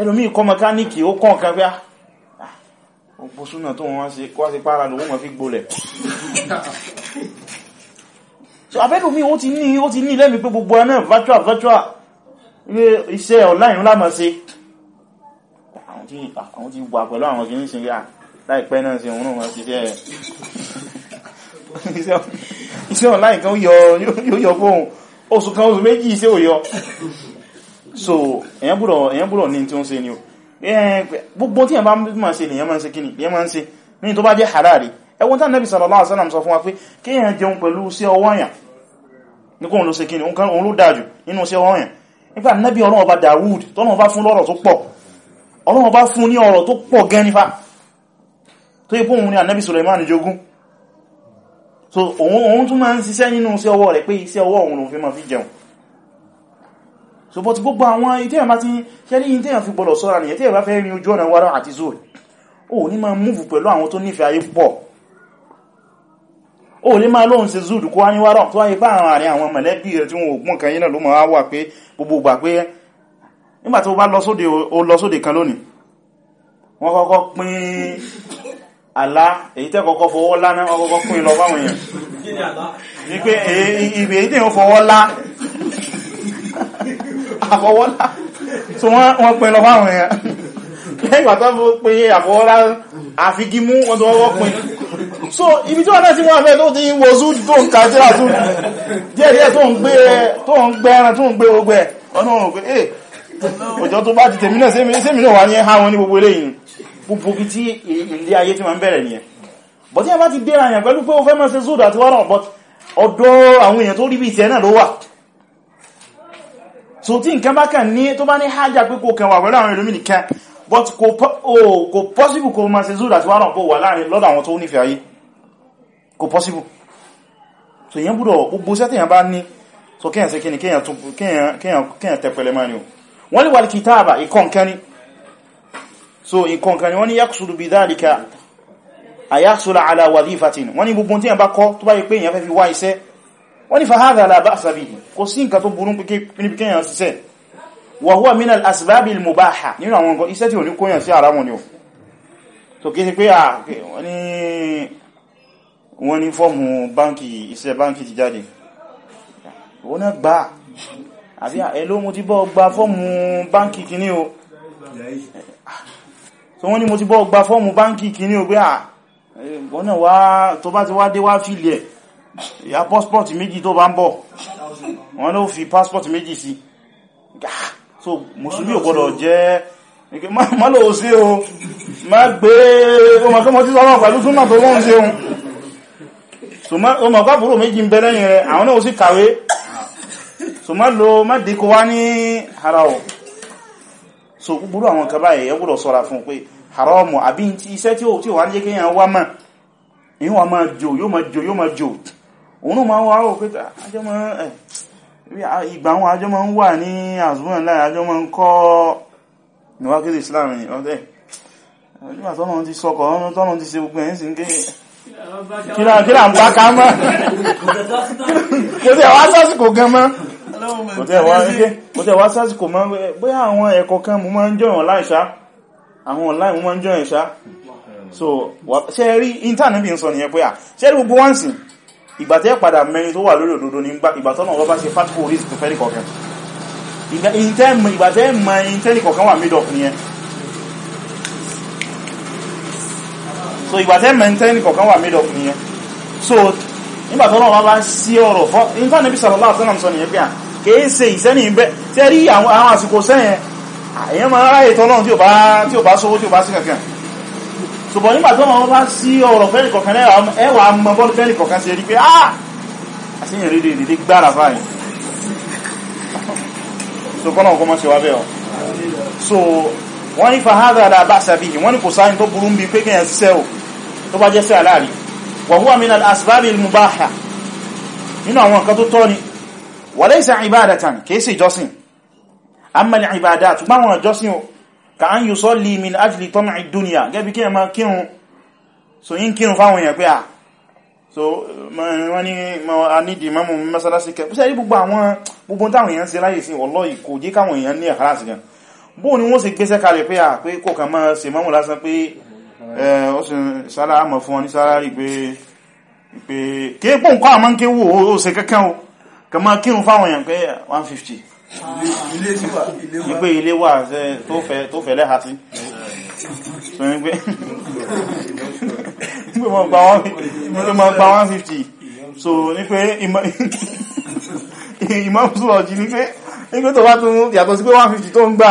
ẹlòmí kọ́ mẹkáníkì ó kọ́ nǹkan pẹ́ ọ̀pọ̀ ah, ah, súnà tó wọ́n wá sí so afẹ́lú mi ó ti ní ó ti ní lẹ́mí pé gbogbo ẹ̀nà virtual virtual ilé iṣẹ́ online ńlá máa àwọn tí wà pẹ̀lú àwọn kìí ṣe ah, láìpẹ́ náà sí òun náà ṣiṣẹ́ iṣẹ́ online kan yóò yọ fóhun oṣù kan oṣù méjì iṣẹ́ ò so èyàn gbúrọ̀ ní tí ó ń ṣe ni o gbogbo tí èyàn bá máa ṣe lèyàn máa ń ṣe kíni lèyàn máa ń ṣe ní tó bá jẹ́ harari ẹwọ́n tán Nabi sallallahu alaihi wasallam sọ fún wa pé kí èyàn jẹun pẹ̀lú sí ọwọ́ èyàn ní kóhun ló ṣe kíni òun ló dájú nínú sí ọwọ́ èyàn nípa Nabi Ọlọ́run ọba Dawud tọ́nà ọba fún lọ́rọ̀ tó pọ̀ Ọlọ́run ọba fún ní ọ̀rọ̀ tó pọ̀ gan nífà tó yí pòhun ni Nabi Sulaiman jogún so òun tún máa ń ṣiṣẹ́ nínú sí ọwọ́ rẹ̀ pé iṣẹ́ ọwọ́ òun lòun fi máa fi jẹun so bọ́ ti gbogbo àwọn ìtẹ́yàn bá ti ṣẹ́rí ìtẹ́yàn fi gbọ́lọ̀ sọ́ra nìyẹn tẹ́yàn bá fẹ́ rin ojú ọ̀nà wárá àti zoe o ní máa múùfù pẹ̀lú àwọn tó nífẹ̀ẹ́ ayé pọ̀ ó ní máa lóhun ṣe zúdù kó wá ní wárọ̀ tó wáyé bá àwọn àrin àwọn mọ̀lẹ́bí rẹ̀ tí wọ́n ògùn kan yínà ló mọ̀ wá pé gbogbo ìgbà pé nígbà tó bá lọ sóde kan lónìí wọ́n kọ́kọ́ pín àlá èyí tẹ́ kọ́kọ́ fọwọ́ lá náà wọ́n kọ́kọ́ pín lọ fáwọn èèyàn ní pé ìbè èyí tẹ́ fọwọ́ lá [LAUGHS] [LAUGHS] so ibi tí wọ́n náà ti wọ́n fẹ́ tó ti ń wo zúdù tó ń ka jíra zúdù díẹ̀ díẹ̀ tó ń gbé tó ń gbé ẹran tó ń gbé gbogbo ẹ̀ ọ̀nà òun pé eh ọjọ́ tó bá ti tèmi náà sẹ́mi náà wà ní ha wọn ní gbogbo eléyìí gbogbo bí tí ilé ayé ti máa ń bẹ̀rẹ̀ nìyẹn bọ̀ tí a bá ti dé àyàn pẹ̀lú pé ó fẹ́ máa ṣe zúdù àti wọ́n náà bọ̀ ọ̀dọ̀ àwọn èèyàn tó rí bí ìtẹ́ náà ló wà so tí nǹkan bá kàn ní tó bá ní hájà pé kò kàn wà pẹ̀lú àwọn ẹlòmínì kan but kò oh, possible kò máa ṣe zúdù àti wọ́n náà bọ̀ wà láàrin lọ́dọ̀ àwọn tó nífẹ̀ẹ́ ayé kò possible so èyàn gbúdọ̀ gbogbo iṣẹ́ tèyàn bá ní so kíyàn sí kíni kíyàn tẹ̀pẹ̀lẹ̀ máa ni o wọ́n lè wà lè kìtàbà ìkọǹkẹni so ìkọǹkẹni wọ́n ni yaqsudu bidhalika ayaqsula ala wadhifatin wọ́n ni gbogbo tèyàn bá kọ́ tó bá wọ́n ni fa hadha la ba'sa bihi kò sí nǹkan tó burú níbi kíyàn ṣiṣẹ́ wa huwa min al-asbab al-mubaha nínú àwọn nǹkan iṣẹ́ tí so kí ni pé wọ́n ní fọ́ọ̀mù báńkì iṣẹ́ báńkì ti jáde wọ́n náà gbà àbí ẹ̀ló mo ti bọ́ gba fọ́ọ̀mù báńkì kìíní o so wọ́n ní mo ti bọ́ gba fọ́ọ̀mù báńkì kìíní o pé à wọ́n náà wá tó bá ti wá dé wá fìlẹ̀ ìyá passport méjì tó bá ń bọ̀ wọ́n ló fi passport méjì sí so mùsùlùmí ò gbọ́dọ̀ jẹ́ má lò ó sí o má gbé ọmọkọ́mọ tí sọ́rọ̀ pẹ̀lú súnmọ̀ tó wọ́n ń o mọ̀ pàbúrò méjì ń bẹ lẹ́yìn rẹ̀ àwọn náà sì kàwé so má lo má díkò wá ní ara ọ̀ so gbúrú àwọn kaba ẹ̀yẹ gbúrọ̀ sọ́ra fún pé haramu àbí iṣẹ́ tí ó tí wà ń jẹ́ kéyàn wá mọ̀ yíò wà máa jò yóò máa jò yóò máa jò òun máa wá rò pé ah, eh, ìgbà àwọn ajọ́ máa ń wà ní àzúmọ̀ láì ajọ́ máa ń kọ́ níwákìlì Islam ni ọdẹ́ ìgbà eh, tọ́nà ti sọkọ̀ tọ́nà ti ṣe gbogbo ẹ̀yìn sí ń kéyàn kílà kílà ń bá ká mọ́ kò tẹ́ wá sásìkò gan mọ́ kò tẹ́ wá sásìkò mọ́ bóyá àwọn ẹ̀kọ́ kan mú máa ń jọyàn láìṣá àwọn online mú máa ń jọyàn ṣá so ṣe rí internet bí n sọ nìyẹn bóyá ṣe rí gbogbo wọ́n sìn ìgbà tẹ́ padà mẹ́rin tó wà lórí òdodo ní ìgbà tọ́nà wọ́n bá ṣe fat police tó fẹ́ nìkọ̀ọ̀kan ìgbà tẹ́ mọ ìntẹ́nìkọ̀ọ̀kan wà mid-up nìyẹn so ìgbàtẹ́ mẹ́ntẹ́ni kọ̀kan wà made of nìyẹn so nígbàtọ́lọ́ wọn bá sí ọ̀rọ̀ fọ́ nígbà níbi sallallahu alaihi wasallam sọ nìyẹn pé à kìí ṣe ìsẹ́ni ìbẹ́ tí rí àwọn àsìkò sẹ́yẹn àyẹ́ ma ráyè tọ́lọ́run tí ò bá sówó tí ò bá sí kankan ṣùgbọ́n nígbàtọ́lọ́ wọn bá sí ọ̀rọ̀ fẹ́ni kọ̀kan ẹwà mọ́ bọ́ọ̀lù fẹ́ni kọ̀kan ṣe rí pé ah àṣíyàn rí dèdè gbára báyìí so kọ́nà ọkọ́ mọ́ ṣe wá bẹ́ ọ so wọ́n ní fahadà àdàbà sàbíyì wọ́n ní kò sáyìn tó burú ń bi pé kẹ́yàn ṣiṣẹ́ o tó bá jẹ́ sí aláàrí wa huwa min al-asbabil mubaha nínú àwọn nǹkan tó tọ́ ni wa laysa ibadatan kìí sí ìjọsìn amma al-ibadat ṣùgbọ́n àwọn ìjọsìn ka an yusalli min ajli tam'i dunya gẹ́bí kí ẹmà kírun so yín kírun fáwọn èèyàn so wọ́n ni a ní di mọ́mù mẹ́sàlásí kẹ́ púsẹ̀ gbogbo àwọn gbogbo táwọn èèyàn ṣe láyé sí wallahi kò jẹ́ káwọn èèyàn ní àkàrà sí gan bóò ni wọ́n ṣe ó sì sára àmọ̀ fún wọn ní sálárì pé pé kí pò ń kọ́ àmọ́ kí wò ó ṣe kẹ́kẹ́ o kẹ máa kírun fáwọn èèyàn pé 150 ní pé ilé wà tó fẹ́ lẹ́ha sí so [LAUGHS] ní pé mo gba 150 so ní pé ìmọ̀sùwọ̀ [LAUGHS] jí ní pé nígbé tó bá tún yàtọ̀ sí pé 150 tó ń gbà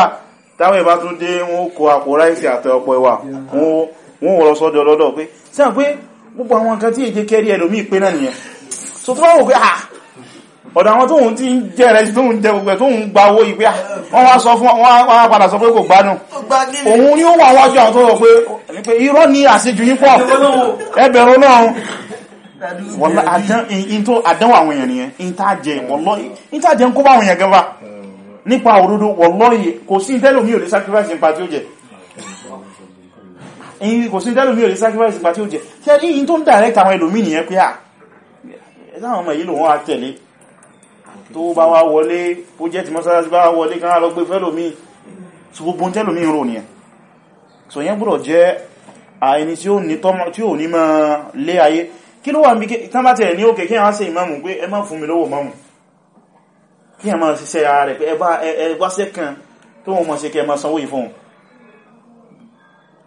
táwọn ìbá tún dé wọn kó àpò ráìsì àtẹ ọ̀pọ̀ ẹwà wọn wọ́n wọ́n sọ́dọ̀ lọ́dọ̀ pé sẹ́n pé gbogbo àwọn nǹkan tí èjé kẹ́rí ẹlòmí pé náà nìyẹn so tó wáwò pé à ah, ọ̀dọ̀ àwọn tóhun tí ń jẹ́ rẹ̀ tóhun jẹ gbogbo tóhun gba owó ìpé ah, wọ́n wá sọ fún wọ́n wá padà sọ pé kò gbádùn òun ni ó wà wájú àwọn tó rọ pé ẹ̀yìn kò sí tẹ́lùmí ò lè sacrifice ìgbà tí ó jẹ tí ẹni yìí tó ń direct àwọn ẹlòmí nìyẹn pé à ah, ẹ̀sáwọn ọmọ yìí lò wọ́n á tẹ̀lé tó bá wá wọlé project mọ́sálásí bá wọlé kan lọ gbé fẹ́lòmí so gbogbo tẹ́lùmí rò nìyẹn so yẹn gbọ́dọ̀ jẹ́ àìní tí ó ní tọ́mọ tí ò ní mọ́ lé ayé kí ló wà ń bí tán bá tẹ̀lẹ̀ ní òkè kí wọ́n ṣe ìmáàmù pé ẹ má fún mi lówó mọ́mù kí wọ́n máa ṣiṣẹ́ ara rẹ̀ pé ẹ bá tó wọ́n mọ̀ ṣe kẹ máa sanwó yìí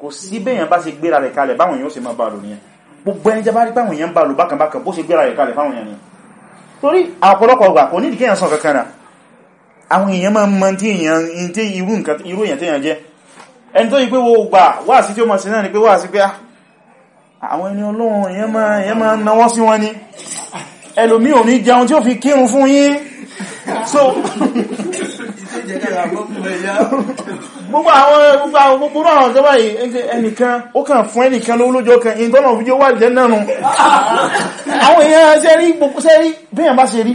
kò sí bẹ́yàn bá ṣe gbéra rẹ̀ kalẹ̀ báwọn èèyàn ó ṣe máa bá lò nìyẹn gbogbo ẹni jábá rí báwọn èèyàn bá lò bákanbákan bó ṣe gbéra rẹ̀ kalẹ̀ fáwọn èèyàn ni torí àpọ̀lọpọ̀ ọgbà kò nídìí kéèyàn sàn kankan rà àwọn èèyàn máa ń mọ tí èèyàn tí irú nǹkan irú èèyàn téèyàn jẹ ẹni tó yí pé wo gbà wá sí tí ó mọ̀ sí náà ni pé wá sí pé ah, àwọn ẹni ọlọ́run èèyàn máa èèyàn máa náwọ́ sí wọn ni ẹlòmí ò ní jẹun tí ó fi kírun fún yín so gbogbo àwọn gbogbo gbogbo àwọn ọ̀sọ́bà yìí ẹnìkan ó kàn fún ẹnìkan ló kan in tọ́nà wà jẹ́ náà àwọn èèyàn ṣe rí gbogbo ṣe rí bíyàn bá ṣe rí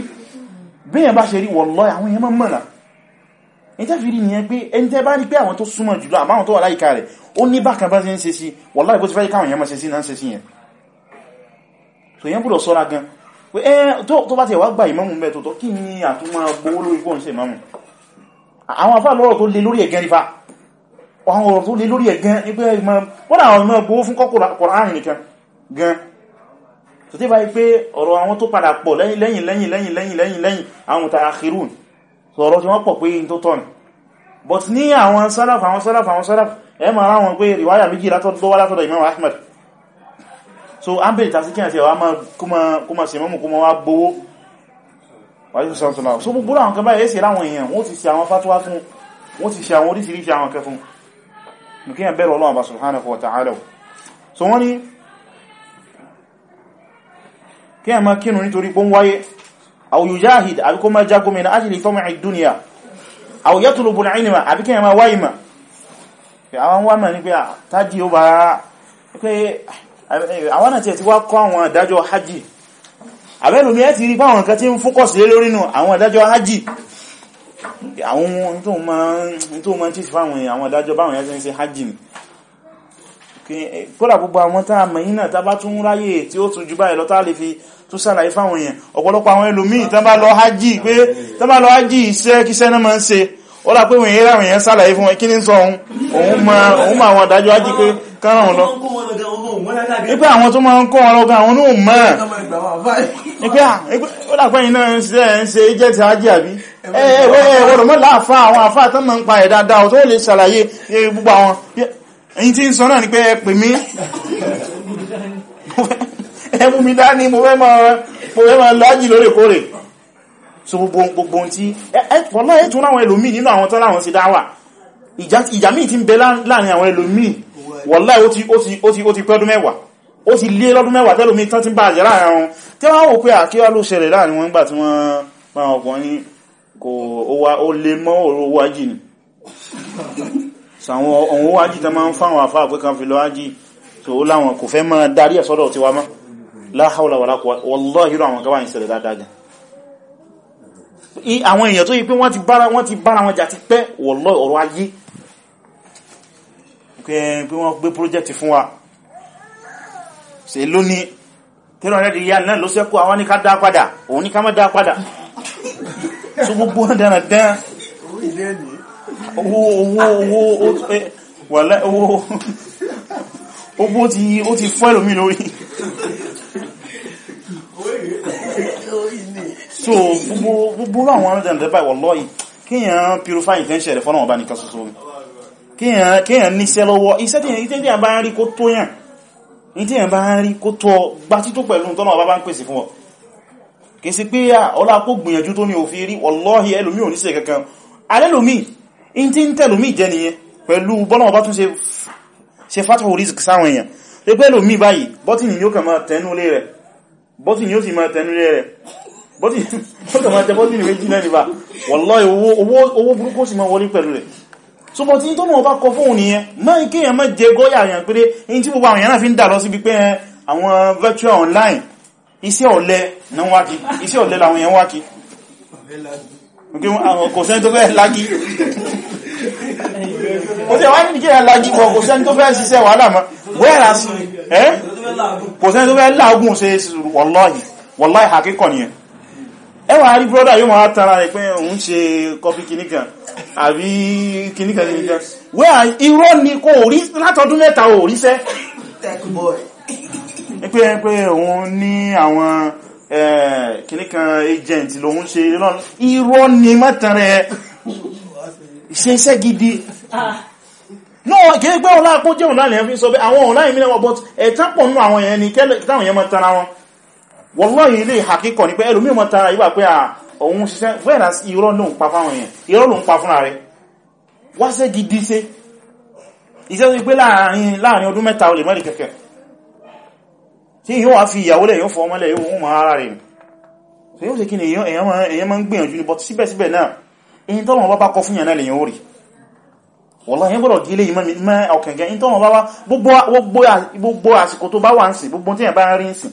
bíyàn bá ṣe rí wallahi àwọn èèyàn mọ́ mọ́nà ìtẹ́fì rí nìyẹn pé ẹni tẹ́ bá rí pé àwọn tó súnmọ́ jùlọ àbáwọn tó wà láyìíká rẹ̀ ó ní bákan bá ṣe ń ṣe sí wallahi bó ti fẹ́ káwọn èèyàn mọ́ ṣe sí náà ń ṣe sí yẹn so yẹn búrọ̀ sọ́ra gan pé ẹ́ tó bá ti wá gba ìmámù mẹ́tọ̀tọ̀ kí ni àtúnmọ́ gbówó lórí bóhùn sí ìmámù àwọn afá lọ́rọ̀ tó lè lórí ẹ̀gẹ́ nífà àwọn ọ̀rọ̀ tó lè lórí ẹ̀gẹ́ nígbẹ́ ìmọ̀ wọ́n àwọn ọmọ gbówó fún kọkùnrin nìkan gan tó tí bá ipé ọ̀rọ̀ àwọn tó padà pọ̀ lẹ́yìn lẹ́yìn lẹ́yìn lẹ́yìn lẹ́yìn lẹ́yìn lẹ́yìn àwọn mutaakhirun sọ̀rọ̀ tí wọ́n pọ̀ pé tó tọ́nì but ní àwọn salaf àwọn salaf àwọn so ambel tàbí kí àti ẹ̀wà kúmọ̀ sí mọ́mù kúmọ̀ wá wàíṣùsọ́sọ́lá so gbogbo àwọn kẹba ẹ̀ẹ́sẹ̀ láwọn èèyàn wọ́n ti ṣe àwọn fatuwa fún wọ́n ti ṣe àwọn oríṣiríṣi àwọn kẹ fún nìkíyàn bẹ̀rẹ̀ Ọlọ́run bá subhanahu wa ta'ala so wọ́n ni kí a máa kínú nítorí pọ́n wáyé aw àbẹ́lùmí ẹ́ ti rí fáwọn nǹkan tí ń fókọ̀sì lé lórí nù àwọn ìdájọ́ hajji àwọn tó ma tí fáwọn àwọn ìdájọ́ báwọn yẹ́ sí hajji ni eh, kódà gbogbo àwọn tá àmà yínà tá bá tún ráyè tí ó tún jù báyìí lọ tá lè fi tún sàlàyé fáwọn èèyàn ọ̀pọ̀lọpọ̀ àwọn ẹlòmíì tán bá lọ hajji pé tán bá lọ hajji iṣẹ́ kíṣẹ́ náà máa ń se ó rà pé wòye ráwọn sálàyé fún wọn ní sọ òun ma àwọn àdájọ́ ájí pé káràn lọ ipé àwọn tó máa ń kọ́ ọ̀rọ̀ ọgá àwọn náà mọ́ ipé ó dàpẹ́ iná ṣe ń ṣe jẹ́ ti ájí àbí ẹ̀ẹ̀wọ̀rọ̀ mọ́ láàfá àwọn àfá tó máa ń pa ẹ̀ dáadáa tó lè ṣàlàyé gbogbo àwọn èyí tí ń sọ náà ni pé ẹ pè mí ẹ mú mi dání mo fẹ́ máa lọ lóòrèkóòrè so gbogbo gbogbo tí ẹ̀fọ́lá ẹ̀tún láwọn ẹlòmí nínú àwọn tán láwọn sí dáwà ìjà míì ti ń bẹ láàrin àwọn ẹlòmí wọ́lá ó ti ó ti ó ti ó ti pẹ́dún mẹ́wàá ó ti lé lọ́dún mẹ́wàá tẹ́lòmí tán ti bá àjẹ́ láàrin wọn ni sàwọn ohun owó ají tán máa ń fáwọn àfá àpé kan fi lọ ají tó ó láwọn kò fẹ́ máa darí ẹ̀sọ́dọ̀ la hawla wala quwwata wallahi irú àwọn àwọn èèyàn tó yí pé wọ́n ti bára wọ́n ti bára wọn jà ti pẹ́ wọ̀lọ́ ọ̀rọ̀ ayé pé wọ́n gbé project fún wa ṣe ló ní 300 yà náà ló sẹ́kù àwọn ní ká dá padà òun ní ká má dá padà tó gbogbo dára dán owó owó owó owó ti fọ́ ẹlòmí lórí so gbogbo gbogbo àwọn arẹ́dẹ̀ndẹ̀ báyìí wallahi kíyàn purify intention rẹ̀ fọ́nà ọba nìkan ṣoṣo kíyàn níṣẹ́ lọ́wọ́ iṣẹ́ tí yàn bá ń rí kó tó yàn ní tí bá ń rí kó tó gbá tító pẹ̀lú tọ́nà ọba bá ń pèsè fún ọ kì í sí pé ah, ọlá kó gbìyànjú tó ní òfin kankan in ti ń tẹ̀lòmí jẹ́ nìyẹn pẹ̀lú bọ́nà ọba tún ṣe risk sáwọn èèyàn báyìí bọ́tìnì yóò kàn máa rẹ̀ bọ́tìnì yóò sì máa rẹ̀ bọ́tí ọkà máa jẹ bọ́tí méjì náà nìbà wallahi owó burúkú sí máa wọlé pẹ̀lú rẹ̀ so bọ́ tí tó mọ̀ bá kọ fóònù yẹn máa ikẹ́ yẹn máa jẹ gọ́yà yẹn pé in tí gbogbo àwọn yẹn náà fi ń dà lọ sí pípẹ́ eh, àwọn virtual online iṣẹ́ ọ̀lẹ náà wákí iṣẹ́ ọ̀lẹ làwọn yẹn wákí kò sẹ́ni tó fẹ́ lágí kò sẹ́ni tó fẹ́ ṣiṣẹ́ wàhálà mọ́ wẹ́ẹ̀rà sí ẹ́ kò sẹ́ni tó fẹ́ láàgùn ṣe wallahi wallahi hakíkọ̀ nìyẹn ẹwà rí brọ́dà yóò máa tara rẹ̀ pé òun ṣe kọfí kìníkan àbí kìníkan We a irọ́ ni kò rí látọdún mẹ́ta ò ríṣẹ́ pé pé òun ní àwọn kìníkan agent lòun ṣe irọ́ ni mẹ́tàn rẹ̀ ṣe iṣẹ́ gidi náà kìí pé ọlá àpójẹ́ ọ̀nà fi sọ pé àwọn ọ̀nà ìmìnira wọn but ẹ̀tàpọ̀ nù àwọn yẹn ni kẹ́lẹ̀ táwọn wọn wallahi ilé ìhàkíkọ̀ ní pé ẹlòmí mọ́ tara ìwà pé àwọn òṣìṣẹ́ fẹ́ẹ̀nà irọ́ ló ń pa fáwọn èèyàn irọ́ ló ń pa fúnra rẹ̀ wá ṣe gidi ṣe iṣẹ́ tó gbé láàrin ọdún mẹ́ta olè mọ́lì kẹ̀kẹ́ tí yíó wá fi ìyàwó lẹ̀ yóò fọ́ ọmọlẹ̀ yóò mọ́ ara rẹ̀ so yóò ṣe kí ni èèyàn máa ń gbìyànjú ní bọ́t síbẹ̀síbẹ̀ náà èyí tọ́lọ̀ bá bá kọ fún yàn náà lè yàn ó rí wọ́lá yẹn gbọ́dọ̀ gílé ìmọ̀ ọ̀kẹ̀gẹ̀ ìtọ́nà bá wá gbogbo àsìkò tó bá wà ń sìn gbogbo tí yẹn bá rí ń sìn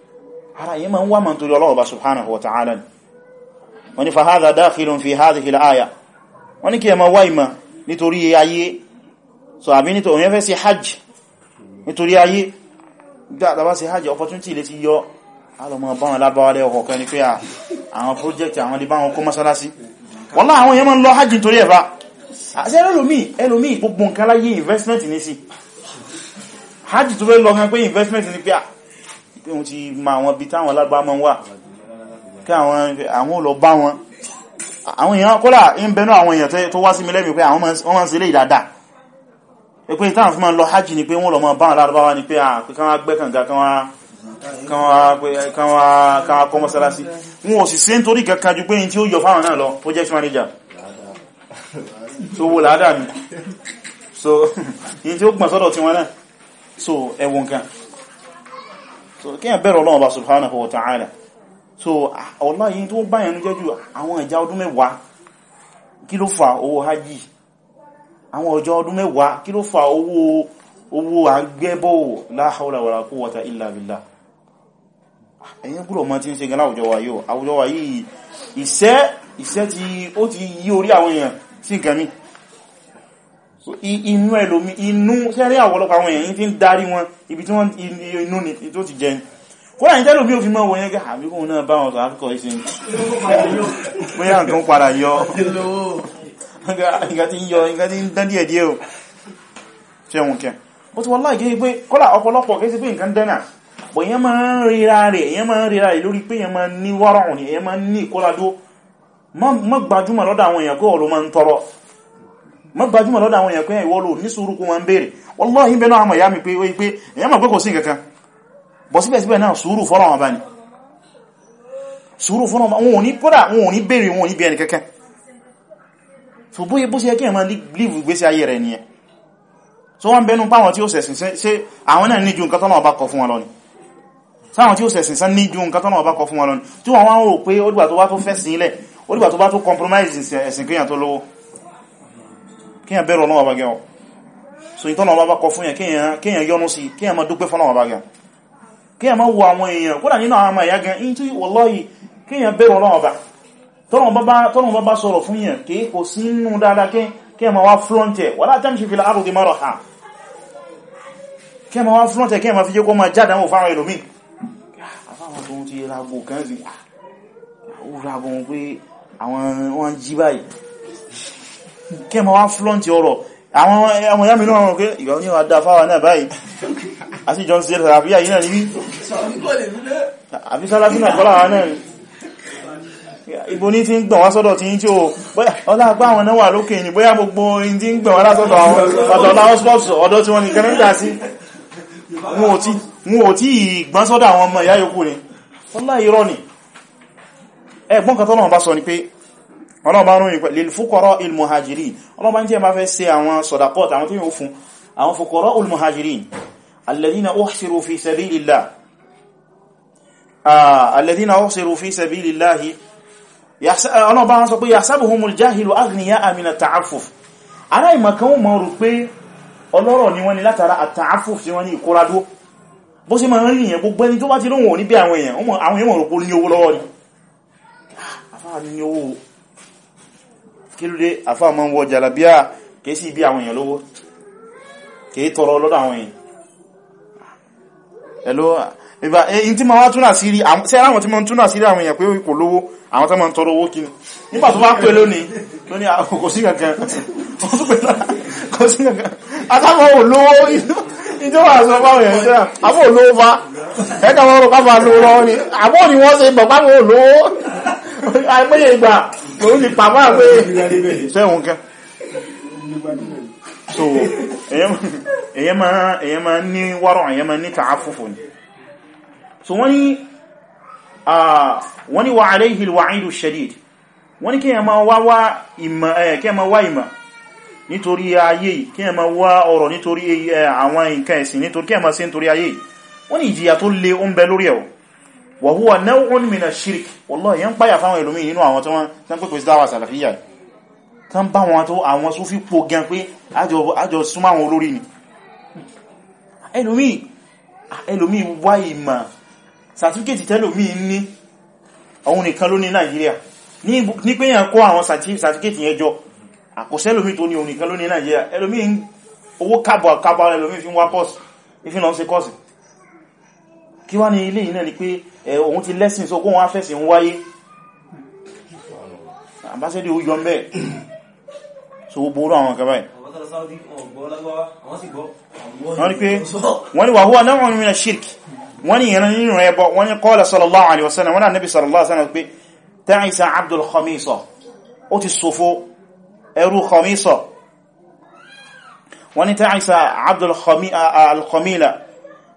ara yìí ma ń wá ma ń torí Ọlọ́run Ọba subhanahu wa ta'ala ni wọ́n ni fahadha dakhilun fi hadhihi al-aya wọ́n ni kí ẹ ma wá ìmọ̀ nítorí ayé so àbí nítorí òyìn fẹ́ sí hajj nítorí ayé dáadáa sí hajj opportunity lè ti yọ alọ́mọ báwọn lábáwálẹ̀ ọkọ̀ kan ní pé àwọn project àwọn lè báwọn kó mọ́sálásí wọ́lá àwọn yẹn ma ń lọ hajj nítorí ẹ̀fà àti ẹlòmí ẹlòmí gbogbo nǹkan láyé investment ní sí hajj tó fẹ́ lọ kan pé investment ní pé pé wọ́n ti ma àwọn bí táwọn lágbàmọ́ wà kí àwọn olọ bá wọn àwọn èèyàn kọ́lá ń bẹnú àwọn èèyàn tó wá sí mi lẹ́mìí pé àwọn máa ń ṣe lè dáadáa pé ìtàn fún ma lọ hajji ni pé wọ́n lọ mọ́ báwọn lárúbáwá ni pé àkíkán ah, wá gbẹ́ kànga kan wá kọ́ mọ́sálásí wọn ò sì sí nítorí kankan ju pé in tí ó yọ fáwọn náà lọ project manager so wo làádà ni so in [LAUGHS] tí ó gbọ̀n sọ́dọ̀ tí wọ́n náà so ẹwọ nǹkan so kíyàn bẹ̀rẹ̀ Ọlọ́run bá subhanahu wa ta'ala so wallahi yìí tó báyàn jẹ́ àwọn ìjà ọdún mẹ́wàá kí ló fa owó hajji àwọn ọjọ́ ọdún mẹ́wàá kí ló fa owó owó àgbẹ́bọ̀ la hawla inú ẹlòmí inú sẹ́rí àwọ̀lọpàá àwọn èèyàn tí ń darí wọn ibi tí wọ́n inú ní tó ti jẹun kódà ní tẹ́lòmí òfin mọ́ wọ́n yẹn gẹ́ ah, àbíkún náà bá wọn sọ àbíkọ̀ ìsin bóyá nǹkan padà yọ nǹkan tí ń yọ nǹkan tí ń dán díẹ̀ díẹ̀ o ṣẹ́wọ̀n kẹ́ bó ti wọ́n láì gẹ́ pé kódà bọ̀ yẹn máa ń ríra rẹ̀ yẹn máa ń ríra rẹ̀ lórí pé yẹn máa ní wárọ̀ yẹn máa ní ìkóládó má gbajúmọ̀ lọ́dọ̀ àwọn èèyàn kó ọ̀rọ̀ máa ń tọrọ mọ́ gbajúmọ̀ lọ́dọ̀ àwọn èèyàn pé ìwọ lò ní sùúrù kó wọn béèrè wallahi bẹ́ẹ̀ náà àmọ̀ ìyá mi pé ó yí pé èèyàn mọ̀ pé kò sí nǹkan kan bọ̀ síbẹ̀síbẹ̀ náà sùúrù fọ́nà wọn bá ní sùúrù fọ́nà wọn ò so bóyẹ bó sí ẹkẹ́ ẹ̀mọ́ lífù ni sáwọn tí ó ṣẹ̀sìn sán ní ju nǹkan tọ́nà ọba kọ fún wọn lọ ni tí wọ́n wá ń rò pé ó dìgbà tó bá tó fẹ́ sí ilẹ̀ ó dìgbà tó bá tó compromise ẹ̀sìn kéèyàn tó lówó kíyàn bẹ̀rọ ọlọ́wọ́ bá gẹ̀ọ́ so ìtọ́nà ọba bá kọ fún yẹn kíyàn yọnú sí kíyàn ma dúpẹ́ fọ́nà ọba gẹ̀ọ́ kíyàn ma wo àwọn èèyàn kódà nínú àwọn ọmọ ìyá gan in tí wallahi kíyàn bẹ̀rọ ọlọ́wọ́ bá tọ́nà ọba bá sọ̀rọ̀ fún yẹn kí kò sí nínú dáadáa kíyàn ma wá flọ́ntẹ̀ wala tamshi fil ardi maraha kíyàn ma wá flọ́ntẹ̀ kíyàn ma fi jẹ́ kó ma jáde àwọn òfáwọn ẹlòmí ah, àfáwọn tó ń ti rago kan sí àwọn rago pé àwọn wọ́n jí báyìí kẹmọ wá flọ́ntì ọ̀rọ̀ àwọn ẹmọ yá mi náà rọrùn pé ìgbà ní wà dáa fáwà náà báyìí àti john c àfíyà yìí náà níbi àbí sálásínà kọ́lá wà náà ibo ní ti ń gbọ̀n wá sọ́dọ̀ tí tí ó ọlágbà àwọn náà wà lókè ní bóyá gbogbo in ti ń gbọ̀n wá lásọ́dọ̀ àwọn ọ̀dọ̀lá hospitals ọ̀dọ̀ tí wọ́n ni kẹ́lẹ́ndà sí wọn ò tí ìgbọ́n sọ́dọ̀ àwọn ọmọ ìyá yòókù ni wọ́n láì rọ́ ni ẹgbọ́n kan tọ́nà bá sọ ni pé ọlọ́run bá ròyìn pẹ̀lú fúkọrọ ilmuhajirin ọlọ́run bá ń tí ẹ bá fẹ́ ṣe àwọn sọ̀dàkọ́t àwọn tí yíò fún àwọn fúkọrọ ilmuhajirin alladhina uhsiru fi sabilillah alladhina uhsiru fi sabilillah ọlọ́run bá ń sọ pé yahsabuhumul jahilu aghniya'a mina ta'affuf aláìmọ̀kan ó mọ̀ rò pé ọlọ́rọ̀ ni wọ́n ni látara àtàáfù sí wọ́n ní ìkóradó bó sí máa ń rí ìyẹn gbogbo ẹni tó bá ti lóhun ò ní bí àwọn èèyàn àwọn èèyàn rò ní owó lọ́wọ́ ni ah, àfáà ní owó kí ló dé àfáà máa ń wọ jàlábíà kìí sí ibi àwọn èèyàn lówó kìí tọrọ lọ́dọ̀ àwọn èèyàn ẹ̀lọ́ ìbá èyí tí ma wá túnà sí rí sí àwọn tí ma ń túnà sí rí àwọn èèyàn pé kò lówó àwọn tí ma ń tọrọ owó kí nípa tó bá pè lónìí tó ní kò sí kankan kò sí kankan atáwọn olówó ìjọba àṣọ báwọn èèyàn jẹ́ àbọ̀ olówó fa ẹ̀kà wọn káfà lówó lọ́wọ́ ni àbọ̀ ni wọ́n ṣe bàbá olówó àìpéye ìgbà òun ti pàmò àpé sẹ́wọ̀n kẹ́ so èyẹ máa èyẹ máa ní wárọ̀ èyẹ máa ní tààfùfù ni so wọ́n ni wọ́n ni wà alayhi al-wa'idu shadid wọ́n ni kí ẹ máa wá ìmà nítorí ayé kí ẹ máa wá ọ̀rọ̀ nítorí àwọn nǹkan ẹ̀sìn nítorí kí ẹ máa nítorí ayé wọ́n ni ìjìyà tó le ó lórí ẹ̀wọ̀ wa huwa naw'un min ash-shirk wallahi yẹn páyà fáwọn ẹlòmí nínú àwọn tó wọ́n tán pèpè sí dáwà sàlàfíyà tán bá wọn tó àwọn súfí po gan pé àjọ súnmọ́ àwọn olórí ni ẹlòmí ẹlòmí wá ìmọ̀ sàtífíkètì tẹ́lòmí ní òun nìkan ló ní nàìjíríà ní pé yàn kó àwọn sàtífíkètì yẹn jọ àkọsẹ́lòmí tó ní òun nìkan ló ní nàìjíríà ẹlòmí owó kábọ̀ kábọ̀ ẹlòmí fi wá pọ́s ìfihàn ṣe kọ́sì kí wá ní ilé ìnà rí pé òun ti lẹ́sìn so kóhun afẹ́sìn ń wáyé àbáṣẹ́dì ó yọ mẹ́ so gbogbo àwọn kaba ẹ̀ wọ́n ni pé wọ́n ni wàhúwà náà wọ́n mìíràn shirk wọ́n ni ìran nínú ẹbọ wọ́n ni qala sallallahu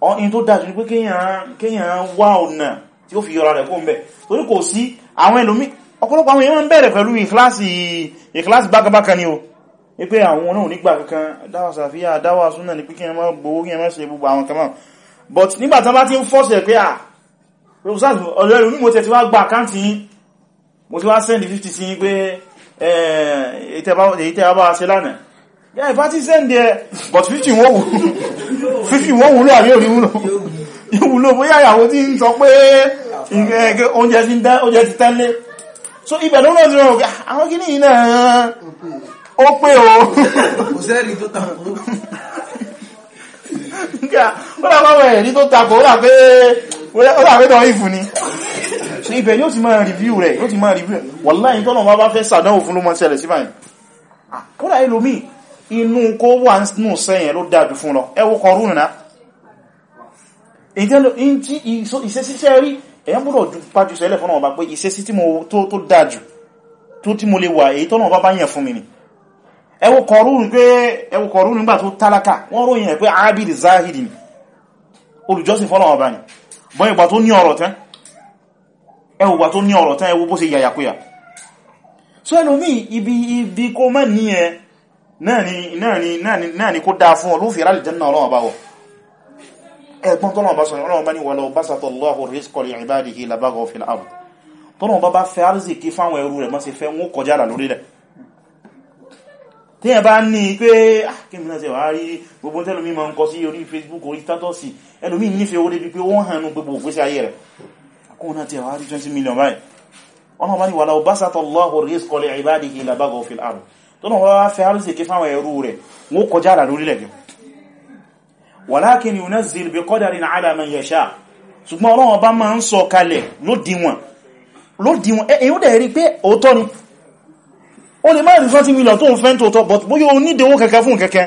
ọ̀yìn tó dájú ní pé kíyàn wá ọ̀nà tí ó fi yọra rẹ̀ kó ń bẹ̀ torí kò sí àwọn ẹlòmí ọ̀pọ̀lọpọ̀ àwọn èèyàn bẹ̀rẹ̀ pẹ̀lú ìkìláàsì bákabáka ni o ní pé àwọn náà nígbà kankan dáwà sàfíà dáwà súnà ní pé kíyàn má gbowó kíyàn má but nígbà tán bá ti ń fọ́sẹ̀ pé à ọ̀lẹ́rù ní mo tẹ̀ ti wá gba àkáǹtì yín mo ti wá sẹ́ndì 50 sí pé eh, yeah if ati send there but 50 wọ́n wù 50 wọ́n wúlò àbí orí wúlò ìwúlò bóyá ìyàwó tí ń sọ pé oúnjẹ ti tẹ́lé so ibẹ̀ lọ́nà ti rọrùn àwọn kìíní iná ó pé o ó dà báwọn ẹ̀rí tó takò ó dà pé tọ́ ìfù ni so ibẹ̀ yóò ti máa review rẹ̀ yóò ti máa review wallahi tọ́nà wọ́n bá fẹ́ sàdánwò fún ló mọ́ ṣẹlẹ̀ sí báyìí ah, inú kó wà nù sẹ́yìn ló dájú fún lọ ẹwọ kọrún náà ìṣẹ́síṣẹ́ rí èyàn gbọ́dọ̀ pàjù sẹ́lẹ̀ fún ọba pé ìṣẹ́sí mo tó dájú tó tí mo lè wà èyí tọ́nà ọba bá yẹn fún mi ni ẹwọ kọrún nígbà tó tálákà wọ́n ròyìn ẹ̀ pé abid zahidi ni olùjọ́sìn fọ́nà ọba ni bọ́n ìgbà tó ní ọ̀rọ̀ tán ẹwọ ìgbà tó ní ọ̀rọ̀ tán ibi kó mẹ́ ní ẹ náà ni kó dáa fún ọ ló fi rálì jẹ́nà ọlọ́wọ́ bá wọ ẹgbọ́n tọ́lọ̀ bá sọ̀rọ̀ ọlọ́wọ́ bá ní wọlọ́ bá sàtọ̀ lọ́wọ́ rizqo li ibadihi labaghaw fil ard tọ́lọ̀ bá bá fẹ́ arziki fáwọn ẹrú rẹ̀ mọ́ sí fẹ́ wọ́n kọjá là lórí rẹ̀ tí ẹ bá ní pé ah, kíni náà ṣe wà rí gbogbo tẹ́lómi ma ń kọ sí orí Facebook orí státọ́sì ẹlòmí nífẹ̀ẹ́ owó débi pé wọ́n hànú gbogbo òfúsí ọlọ́wọ́ bá ní wàlá ọbásátọ̀ lọ́wọ́ rizqo li ibadihi tó náà wá fẹ́ arziki fáwọn ẹrú rẹ̀ wọ́n kọjá àlà lórílẹ̀ jù walakin yunazzil bi qadarin ala man yasha ṣùgbọ́n Ọlọ́run bá máa ń sọ kalẹ̀ lódiwọ̀n lódiwọ̀n èyí dẹ̀ rí pé òótọ́ ni ó lè máa rí fún ti mílọ̀ tó ń fẹ́ tóótọ́ but bóyá o ní ìdíwó kẹkẹ fún kẹkẹ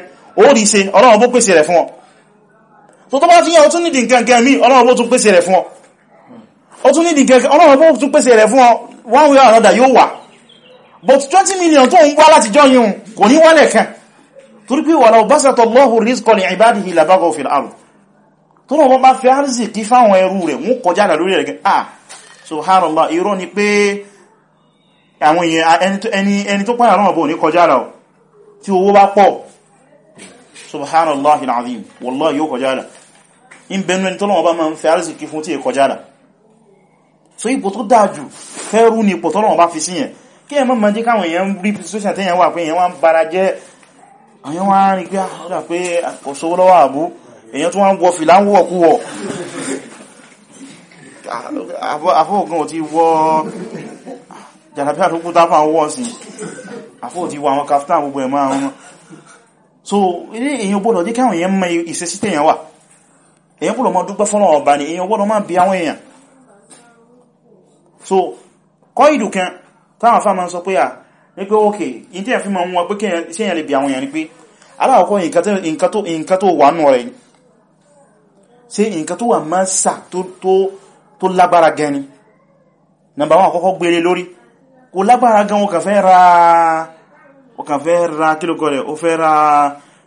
one way or another yóò wà but 20 million tó ń wá láti jọ yíò kò ní wọ́n lẹ́kàn torí pé wàlá ọbásàtọ̀ lọ́hù rizqọ̀ ní ìbádìí labagọ̀ fi al tó náà wọ́n bá fi arzi kí fáwọn ẹrú rẹ̀ wọ́n kọjá là lórí rẹ̀ ah subhanallah irọ́ ni pé àwọn èèyàn ẹni tó pààrọ̀ ọ̀bọ̀ ní kọjá là wallahi yóò in bẹnu ẹni tó lọ́wọ́ bá máa so ipò tó dáa ni ipò tó lọ́wọ́ bá fi síyẹn kí ẹ mọ́ mọ́ jẹ́ káwọn èèyàn rí situation tẹ́yàn wà pé èèyàn wá ń bara jẹ́ àwọn wá rí pé àkọ́dà ah, pé àkọ́sówó lọ́wọ́ àbú èèyàn tó wọ́n wọ fìlà ń wọ̀ kú wọ̀ àfóògùn ti so ilé èèyàn gbọ́dọ̀ jẹ́ káwọn èèyàn mọ ìṣesí tẹ́yàn wà èèyàn gbọ́dọ̀ mọ́ dúpẹ́ fọ́lọ̀ ọ̀bà ni èèyàn gbọ́dọ̀ so kọ́ ìdù kan táwọn fáwọn sọ pé à ní pé ókè in tí ẹ̀ fi mọ̀ wọn pé sí èyàn lè bí àwọn èèyàn ni pé aláwọ̀kọ́ nǹkan tó wà nù rẹ̀ ṣe nǹkan tó wà máa sà tó lágbára gan ni nàbà wọn àkọ́kọ́ gbélé lórí kò lágbára gan ó kàn ra kí rẹ̀ ó fẹ́ ra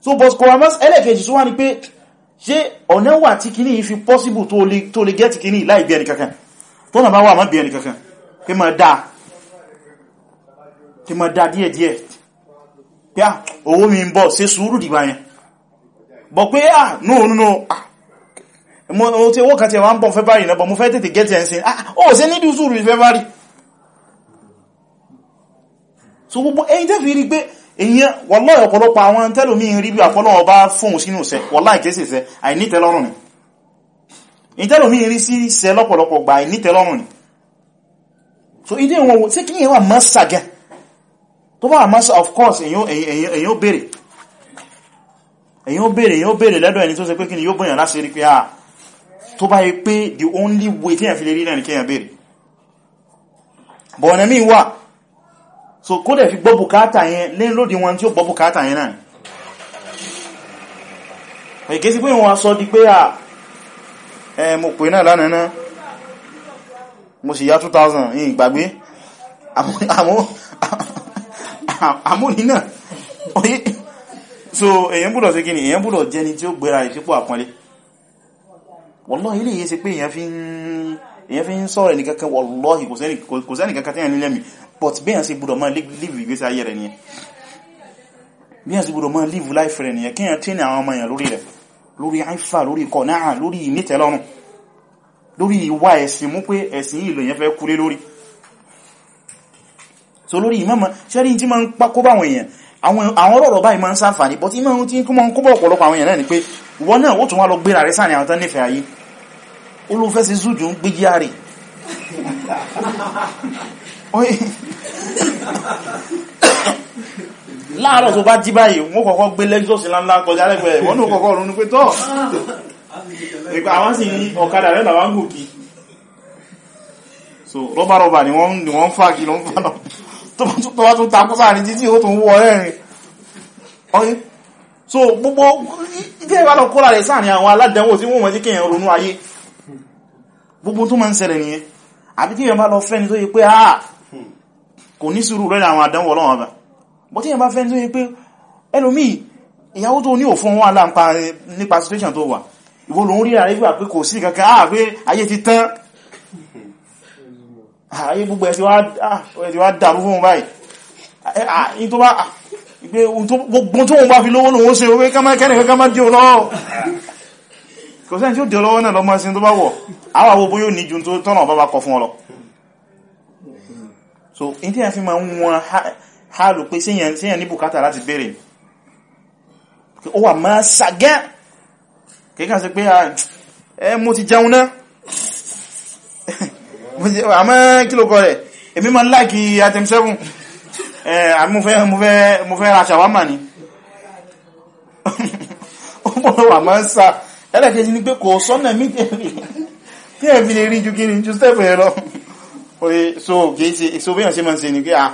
so but kowamas ẹlẹ́kẹ̀ẹ́jì tó wá ní pé ṣe ọ̀nà wà tí kìíní fi possible tó lè get kìíní láì bí ẹni kankan tó nà bá wà má bí ẹni kankan kí ma dáa kí ma dáa díẹ̀ díẹ̀ pé à ah, owó mi ń bọ̀ ṣe sùúrù dìgbà yẹn bọ̀ pé à ah, no no no ah. mo tí owó kan ti wà ń bọ̀ February náà bọ̀ mo fẹ́ tètè get ẹ̀nsìn ah ó ṣe nídìí sùúrù February so gbogbo ẹ̀yin tẹ́ fi rí pé èyàn wallahi ọ̀pọ̀lọpọ̀ àwọn tẹ́lòmí rí bí àfọ́lọ́wọ́ bá fóhùn sínú sẹ wallahi kéèsì sẹ àìnítẹ́lọ́rùn ni ìtẹ́lòmí rí sí sẹ lọ́pọ̀lọpọ̀ gbà àìnítẹ́lọ́rùn ni so ilé wọn tí kí yẹn wà mọ́sà gẹ tó bá mọ́sà of course èyàn bèèrè èyàn bèèrè èyàn bèèrè lẹ́dọ̀ ẹni tó ṣe pé kí ni yóò bóyàn láti rí pé a ah, tó bá the only way tí yẹn fi ni kí yẹn bèèrè bọ̀ọ̀nà so kó dẹ̀ fi gbọ́ bùkátà yẹn lẹ́yìn lódi wọn tí ó gbọ́ bùkátà yẹn náà èké sí pé wọ́n sọ di pé à ẹ mo pè náà lánàá náà mo sì yá 2000 yìí gbàgbé àmúni náà oye so èyàn búdọ̀ sí kíni èyàn búdọ̀ jẹni tí ó gbéra ìsípò àpọ́nlé wallahi ilé yìí ṣe pé èyàn fi ń sọ̀rọ̀ ẹnìkankan wallahi kò sẹ́nìkankan tí yàn but bẹ́yàn sí gbọ́dọ̀ máa live ìgbésí ayé rẹ̀ nìyẹn bẹ́yàn sí gbọ́dọ̀ máa live life rẹ̀ nìyẹn kíyàn tí ní àwọn ọmọ èèyàn lórí rẹ̀ lórí àìfà lórí kọ̀náà lórí ìnítẹ̀lọ́rùn lórí ìwà ẹ̀sìn mú pé ẹ̀sìn yìí lèyàn fẹ́ kúlé lórí so lórí ìmọ́mọ́ ṣẹ́rí tí máa ń pákó báwọn èèyàn àwọn ọ̀rọ̀ báyìí máa ń sáfàní bọ́ tí máa ń tí kó máa ń kó bọ̀ ọ̀pọ̀lọpọ̀ àwọn èèyàn náà ni pé wọ́n náà ó tún àwọn tán nífẹ̀ẹ́ láàárọ̀ tó bá jí báyìí wọ́n kọ́kọ́ gbé lexus ńláńlá kọjá lẹ́gbẹ̀ẹ́ wọ́n ní kọ́kọ́ ọ̀run ní pé tọ́ ìgbà àwọn sì ní ọ̀kadà rẹ̀ làwọn gòkè so rọ́bàrọ́bà ni wọ́n ni fà kí ló ń fà tó bá tún takú sáàrin títí ó tún wọ́ ẹ̀rin ọ̀yẹ́ so gbogbo ìdẹ́ ìbálọ̀ kọ́lá rẹ̀ sáàrin àwọn aládẹ̀wò tí wọ́n mọ̀ sí kíyàn ronú ayé gbogbo tó máa ń ṣẹlẹ̀ nìyẹn àbí kíyàn má lọ fẹ́ni tó yẹ pé ah kò ní sùúrù lórí àwọn àdánwò ọlọ́run ọba bọ́ tí yẹn bá fẹ́ ní pé ẹlòmí ìyàwó tó ní òfin wọn aláǹpa eh, nípa situation tó wà ìwọ ló ń rí ààrẹ gbà pé kò sí kankan àà ah, pé ayé ti tán ah, ayé gbogbo ẹ̀ ti wá ah, dàrú fún báyìí eh, gbogbo tó wọ́n bá fi lówó lòun ṣe orí kẹ́nìkan ká máa dí o lọ́wọ́ kò sẹ́ni tí ó dí ọlọ́wọ́ náà lọ́mọ́sí tó bá wọ̀ àwọn àwọ̀ bóyó ní ju tó tọ́nà so in tí a fi ma ń wọn hálù pé síyàn ní bùkátà láti bèèrè ó wà máa sàgẹ́ kíkà sí pé ah, ẹ mo ti jẹun náà [LAUGHS] àmọ́ kí ló kọ rẹ̀ èmi ma ń láìkí item 7 [LAUGHS] eh, mo fẹ́ ra ṣàwámà ni [LAUGHS] ó mọ́ wà máa sà ẹlẹ́kẹ́jì ni pé kò sọ́nà mí tí ẹ̀fì lè rí ju kí ni ju stẹ́fẹ̀ lọ oye so kìí ṣe èso bí ìyànṣe máa ń ṣe ní pé à ah,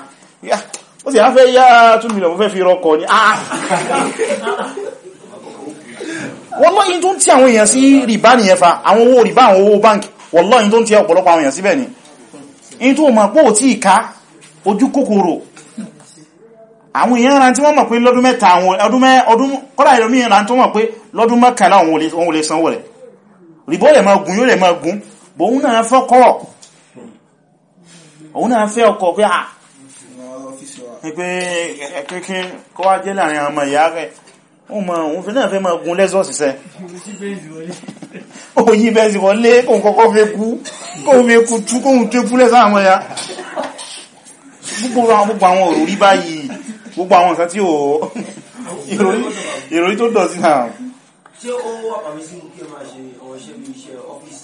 ah, ó sì á fẹ́ yá two million mo fẹ́ fi rọkọ̀ ni à ah, wallahi tó ń tí àwọn èèyàn sí rìbá nìyẹn fa àwọn owó rìbá àwọn owó báńkì wallahi tó ń tí ọ̀pọ̀lọpọ̀ àwọn èèyàn síbẹ̀ ni in náà fọ́kọ́ òun náà fẹ́ ọkọ pé à ah! pé kíkín kó wá jẹ́ láàrin ọmọ ìyá rẹ̀ òun fi náà fẹ́ máa gun lẹ́sọ̀ síṣẹ́ òyí bẹ́ẹ̀sì wọlé kóhun kọ́kọ́ fẹ́ kú kóhun tí ó wà pàmí sí mú kí ẹ máa ṣe ọ̀ṣẹ́ bí iṣẹ́ ọ́fíìsì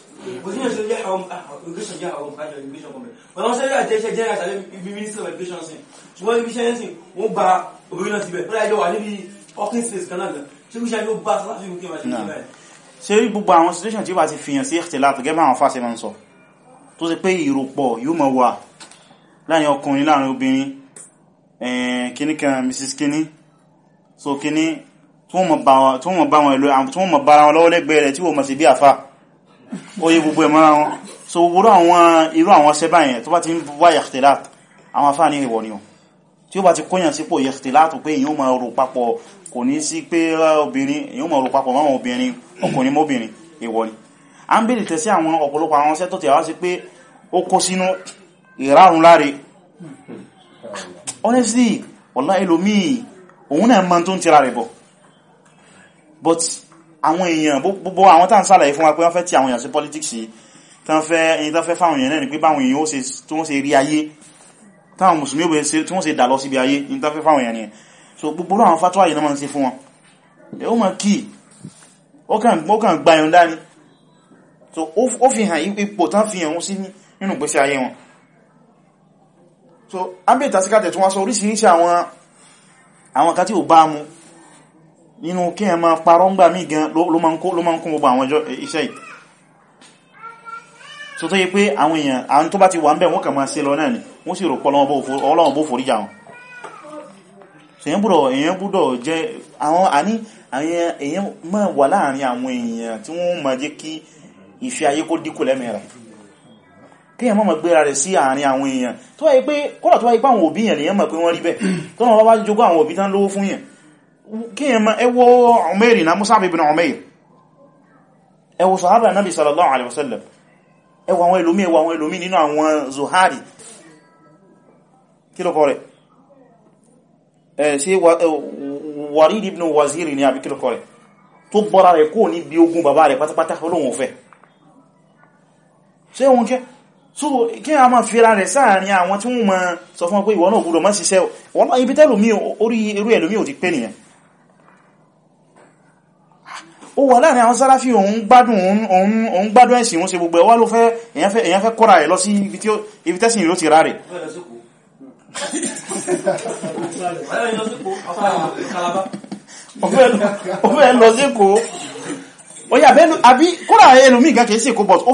kò sí ìyẹn tó jẹ́ àwọn education jẹ́ àwọn àjọ education company wọ́n wọ́n sẹ́yìn àti ẹ̀ṣẹ̀ jẹ́ àtàlẹ́ ibi ministry of education sí ṣùgbọ́n ibi iṣẹ́ ẹ̀sìn wọ́n gba obìnrin náà síbẹ̀ wọ́n yà wà níbi hawking space kan náà ṣé kí iṣẹ́ yóò bá sáfì mú kí wọ́n ṣe bẹ́ẹ̀. ṣé gbogbo àwọn situation tí wàá ti fihàn sí ikhtilaf gẹ́gẹ́ bá àwọn fásitì máa ń sọ tó ṣe pé ìròpọ̀ yóò mọ̀ wà láàrin ọkùnrin láàrin obìnrin eh, kíní kan mrs kíní so kíní tí wọ́n mọ̀ bá wọn lọ́wọ́ lẹ́gbẹ̀ẹ́ rẹ̀ tí wọ́n mọ̀ sí bí àfáà oye gbogbo ẹ̀mọ́ra wọn so wúrú àwọn irú àwọn ṣẹ́bà yẹn tó bá ti ń wá yàtìláàtì àwọn afá ní ìwọ̀ ni o tí ó bá ti kóyàn sípò yàtìláàtì pé èyí ó máa rò papọ̀ kò ní sí pé obìnrin èyí ó máa rò papọ̀ máwọn obìnrin ọkùnrin mọ́bìnrin ìwọ̀ ni a ń bèèrè tẹ̀sí àwọn ọ̀pọ̀lọpọ̀ àwọn ṣẹ́ tó ti wá sí pé ó kó sínú ìrárun láre honestly wallahi ẹlòmíì òun náà máa tó àwọn èèyàn gbogbo àwọn tán sàlàyé fún wa pé wọ́n fẹ́ ti àwọn èèyàn sí politics tán fẹ́ ẹni tán fẹ́ fáwọn èèyàn náà ni pé báwọn èèyàn tí wọ́n ṣe rí ayé táwọn mùsùlùmí òbẹ̀ tí wọ́n ṣe dà lọ síbi ayé ní tán fẹ́ fáwọn èèyàn ni so gbogbo àwọn fatwa yìí náà máa ń ṣe fún wọn ẹ ó máa kí ó kàn gba ẹ̀hún dání so ó fi hàn ipò tán fi hàn sí nínú ìgbésí ayé wọn so abẹ́ ìtàsíkàtẹ̀ tí wọ́n sọ oríṣiríṣi àwọn kan tí ò bá mu nínú kí ẹ máa parọ́ ń gbà mí gan ló máa ń kún gbogbo àwọn eh, iṣẹ́ yìí so tó yí pé àwọn èèyàn àwọn tó bá ti wà ń bẹ̀ wọ́n kàn máa ṣe lọ náà ni wọ́n sì rò pọ́ ọlọ́wọ́n bó forí jà wọn èyàn búrọ̀ èyàn búrọ̀ jẹ́ àwọn àní èyàn máa wà láàrin àwọn èèyàn tí wọ́n máa jẹ́ kí ìfẹ́ ayé kó dínkù lẹ́mẹ̀ẹ́ra kí èyàn máa gbéra rẹ̀ sí àárín àwọn èèyàn tó wáyé pé kọ́lá tó wáyé pé àwọn òbí yẹn lèyàn mọ̀ pé wọ́n rí bẹ́ẹ̀ tó náà bá bá jogún àwọn òbí tán lówó fún yẹn kíyànmá ẹwọ́ Umairi na Musab ibn Umair ẹwọ́ sahaba Ànábì sallallahu alaihi wasallam ẹwọ́ àwọn ẹlòmí ẹwọ́ àwọn ẹlòmí nínú àwọn zuhari kílọ̀kọ́ rẹ̀ ṣe Warid ibn Waziri ni àbí kílọ̀kọ́ rẹ̀ tó bọ́ra rẹ̀ kó ní bí ogun bàbá rẹ̀ pátápátá olóhun fẹ́ ṣe oúnjẹ́ so kí a máa fira rẹ̀ sáàrin àwọn tí wọ́n máa sọ fún ọ pé ìwọ náà gbọ́dọ̀ má ṣiṣẹ́ wọ́n ibi tẹ́lòmí orí irú ẹlòmí ò ti pé nìyẹn ó wà láàrin àwọn sáráfí òun gbádùn òun gbádùn ẹ̀sìn òun ṣe gbogbo ẹ̀wà ló fẹ́ èyàn fẹ́ kọ́ra ẹ̀ lọ sí ibi tẹ́sìn ìlú ti rà rẹ̀ ọ̀fẹ́ lọ sí kó ó yà bẹ́lú àbí kọ́ra ẹlùmí ìgá kìí sí kó bọ̀t ó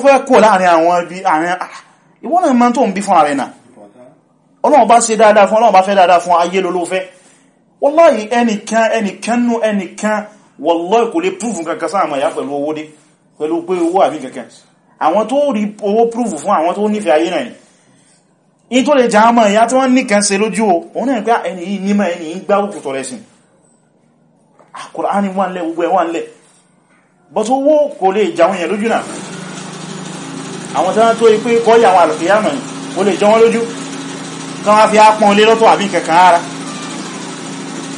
fẹ́ kó láàrin àwọn ibi àrin ah, ìwọ́n náà máa tó ń bí fún wallahi kò lè prove kankan sáàmà ìyá pẹ̀lú owó dé pẹ̀lú pé owó àbí kankan àwọn tó rí owó prove fún àwọn tó nífẹ̀ẹ́ ayé náà in tó lè já mọ́ ìyá tí wọ́n nìkan ṣe lójú o òun náà pé ah, ẹni yìí nímọ̀ ẹni yìí gbá òkú tọrẹ sí ah, Kùránì wà nílẹ̀ gbogbo ẹ̀ wà nílẹ̀ but owó kò lè já wọn yẹn lójú náà àwọn tí wọ́n tó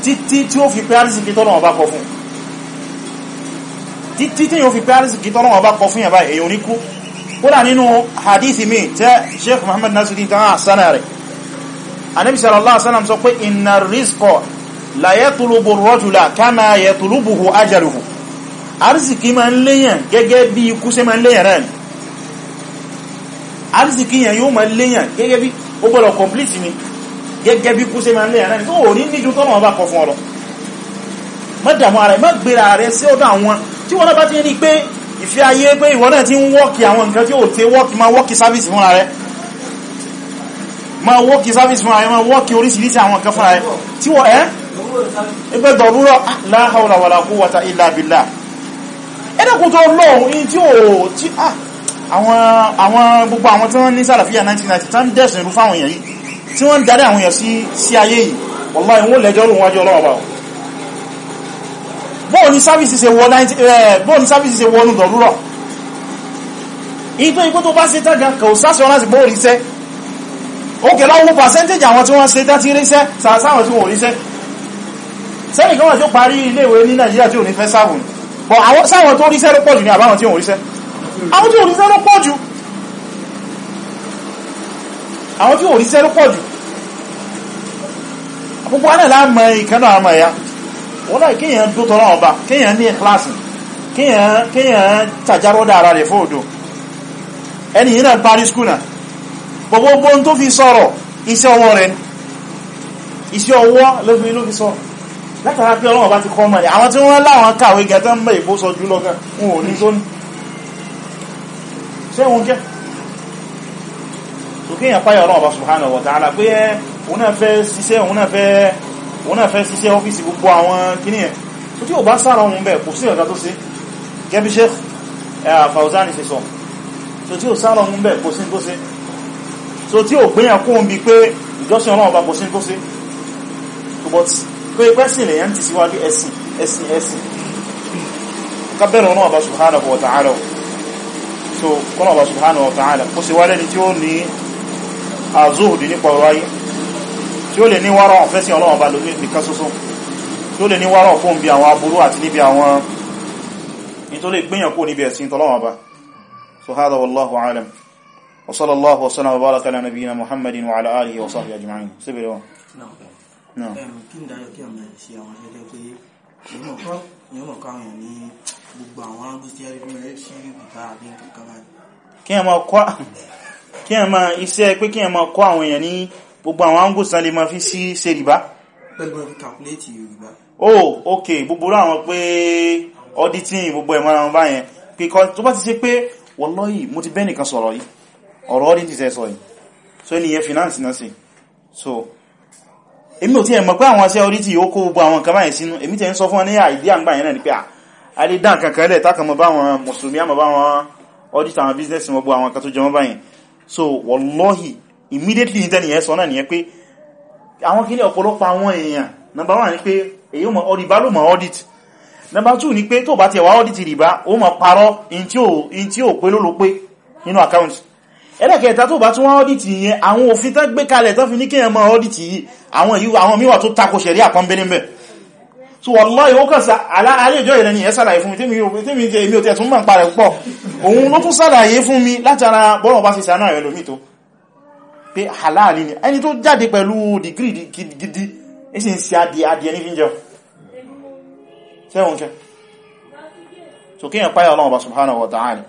títí tí ó fi pé àrísìkí tọ́nà ọba kọ fún títí tí yóò fi pé àrísìkí tọ́nà ọba kọ fún yàbá èyàn oníkú kódà nínú hadithi mi tẹ́ sheikh muhammad nasiru ta sana rẹ̀ anabi sallallahu alaihi wasallam sọ pé inna rizqa la yatlubu ar-rajula kama yatlubuhu ajaluhu àrísìkí ma ń léyàn gẹ́gẹ́ bí ikú ṣe ma ń léyàn rẹ̀ àrísìkí yẹn yóò ma léyàn gẹ́gẹ́ bí ó gbọ́dọ̀ complete ni gẹ́gẹ́ bí kú sí ma ń lẹ́yìn náà tó ò ní níjú tọ́nà ọba kọ fún ọ̀rọ̀ má dàmú ara ẹ̀ má gbéra rẹ̀ sí ọ̀dọ̀ àwọn tí wọ́n bá ti rí pé ìfẹ́ ayé pé ìwọ náà ti ń wọ́ọ̀kì àwọn nǹkan tí ó ti wọ́ọ̀kì ma wọ́ọ̀kì sáfíìsì fúnra rẹ̀ ma wọ́ọ̀kì sáfíìsì fúnra rẹ̀ ma wọ́ọ̀kì oríṣiríṣi àwọn nǹkan fúnra rẹ̀ tí wọ́n ẹ́ ẹgbẹ́ dọ̀rúrọ̀ ah, la hawla wala quwwata illa billah ẹ̀dẹ́kùn tó lọ́wọ́ in tí ó tí ah, àwọn gbogbo àwọn tí wọ́n ní sàlàfíà 1990 tán dẹ̀sìn rú fáwọn èèyàn yìí tí wọ́n ń darí àwọn èèyàn sí ayé yìí wallahi wọ́n lẹ́jọ́ lóun wájú ọlọ́wọ́ bá bóò ní sáfíìsì ṣe wọ bóò ní sáfíìsì ṣe wọnú dọ̀rúrọ̀ ìtò ìpó tó bá ṣe tẹ́gà kò sáṣọ láti bóò ríṣẹ́ ókè láwọ́ percentage àwọn tí wọ́n ṣe tẹ́ tí ríṣẹ́ sáwọn tí wọ́n ríṣẹ́ sẹ́nì kan wà tí ó parí iléèwé ní Nàìjíríà tí ò ní fẹ́ sáwọn bọ̀ àwọn sáwọn tó ríṣẹ́ ló pọ̀jù ní àbáwọn tí ò ríṣẹ́ àwọn tí ò ríṣẹ́ ló pọ̀jù gbogbo wa náà láàmà ìkánà àmà ya wọ́n láì kíyàn tó tọ́rọ ọba kíyàn ní ìkláàsì kíyàn tàjárọ́dà ara rẹ̀ fóòdó ẹni yìí náà parí skúnà gbogbo tó fi sọ̀rọ̀ iṣẹ́ ọwọ́ rẹ̀ iṣẹ́ ọwọ́ ló fi sọ látara pé ọlọ́wọ́ bá ti kọ́ mọ̀lẹ̀ àwọn tí wọ́n láwọn kàwé gẹ̀ẹ́tẹ́ mẹ́ ìbóso jùlọ gan wọn ò ní òun náà fẹ́ ṣiṣẹ́ òun náà fẹ́ òun náà fẹ́ ṣiṣẹ́ ọ́fíìsì gbogbo àwọn kíní ẹ̀ tó tí ò bá sára ohun bẹ̀ kò sí ọ̀gá tó sí gẹ́bí Sheikh Fawzani ṣe sọ tó tí ò sára ohun bẹ̀ kò sí tó sí tó tí ò gbéyàn kóhun bí pé ìjọsìn ọlọ́run bá kò sí tó sí but pé pẹ́sìn lèyàn ti síwájú ẹ̀sìn ẹ̀sìn ẹ̀sìn kábẹ̀rẹ̀ ọlọ́run bá subhanahu wa ta'ala so kọ́nà bá subhanahu wa ta'ala kó sì wálẹ́ni tí ó ní àzóhùdì nípa ọ̀rọ̀ ayé yóò lè ní wárọ̀ fẹ́sìn ọlọ́run ọba lójú nìkan ṣoṣo yóò lè ní wárọ̀ fún bí àwọn aburú àti níbi àwọn nítorí gbìyàn kó níbi ẹ̀sìn tọ́lọ́run ọba so hádà wallahu alam wa sallallahu wa sallam wa baraka ala nabiyyina muhammadin wa ala alihi wa sahbihi ajma'in síbẹ̀ wọn kí ẹ ma kọ́ àwọn èèyàn ní gbogbo àwọn angusan lè ma fi sí ṣe rìbá oh ok gbogbo àwọn pé auditing gbogbo ẹ̀mọ́ àwọn báyẹn píkọ́ tó bá ti ṣe pé wallahi mo ti bẹ́ nìkan sọ̀rọ̀ yìí ọ̀rọ̀ auditing tẹ́ sọ yìí so ènìyàn finance náà sí so èmi ò tí ẹ mọ̀ pé àwọn aṣẹ́ auditing yóò kó gbogbo àwọn nǹkan báyẹn sínú èmi tẹ́ ń sọ fún wọn ní àìdí àgbà yẹn náà ni pé ah, a lè immediately then yes ona niye nìyẹn pé àwọn kíní ọ̀pọ̀lọpọ̀ àwọn number one ni pé èyí ó mọ ọdìbá ló mọ audit number two ni pé tó bá ti ẹ̀wà audit rìbá ó mọ parọ́ in tí ò pé ló ló pé nínú account ẹlẹ́kẹta tó bá tún wá audit yẹn àwọn òfin tán gbé kalẹ̀ tán fi ní kíyàn mọ audit yìí àwọn yìí àwọn míwà tó tako ṣẹ̀rí àpọ́nbẹ́lẹ́ mẹ́ so wallahi ó kàn aláàlẹ́jọ́ ìrẹ́ ni ẹ ṣàlàyé fún mi tẹ́mi ò O tún mọ̀ ń parẹ̀ pọ̀ òun ló tún ṣàlàyé fún mi látara bọ́rọ̀ bá ṣe sàánà ẹ̀lòmí tó pé halali ni ẹni tó jáde pẹ̀lú dìgírí gidi ìsìn sí adìẹ adìẹ ní fi jẹun so kí yẹn páyà Ọlọ́run subhanahu wa ta'ala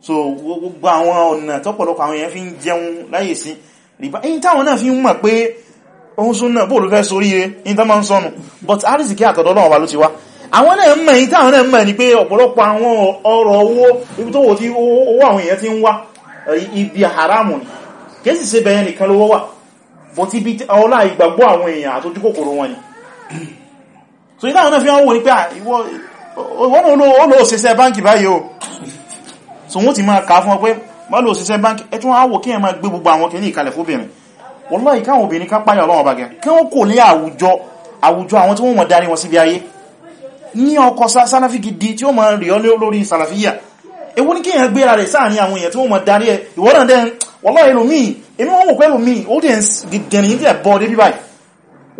so gbogbo àwọn ọ̀nà tọ́pọ̀lọpọ̀ àwọn èèyàn fi ń jẹun láyé sí rìbá in táwọn náà fi ń mọ̀ pé ohun sún náà bóòlù fẹ́ sórí rẹ̀ in tó máa ń sọnù but alice kí àtọ̀dọ̀ Ọlọ́run ló ti wá àwọn náà mọ̀ in táwọn náà mọ̀ ni pé ọ̀pọ̀lọpọ̀ àwọn ọ̀rọ̀ owó ibi tó wò tí owó àwọn èèyàn ti ń wá ibi haramu ni kèsì ṣe bẹ̀yẹn nìkan lówó wà bọ̀ ti bí ọlá ìgbàgbọ́ àwọn èèyàn àtójú kòkòrò wọn ni so ìdá àwọn náà fi wọ́n wò ní pé wọ́n ó lò òṣìṣẹ́ báńkì báyìí o so wọ́n ti máa kà fún ọ pé wọ́n lò òṣìṣẹ́ báńkì ẹ tún àwò kí ẹ máa gbé gbogbo àwọn kìíní ìkalẹ̀ fóbìnrin wallahi káwọn obìnrin ká páyà ọlọ́wọ́ bàgẹ́ kí wọ́n kò ní àwùjọ àwùjọ àwọn tí wọ́n mọ̀ darí wọn síbi ayé ní ọkọ̀ sáláfí gidi tí ó mọ̀ rí ọ lórí sàlàfíyà ewu ní kí èèyàn gbéra rẹ̀ sáàrin àwọn èèyàn tí wọ́n mọ̀ darí ẹ̀ ìwọ́n náà wọ́lá ẹlòmíì èmi wọ́n wò pé ẹlòmíì ó dẹ̀ gẹ̀rẹ̀ yìí dẹ̀ bọ́ dé bíbáyì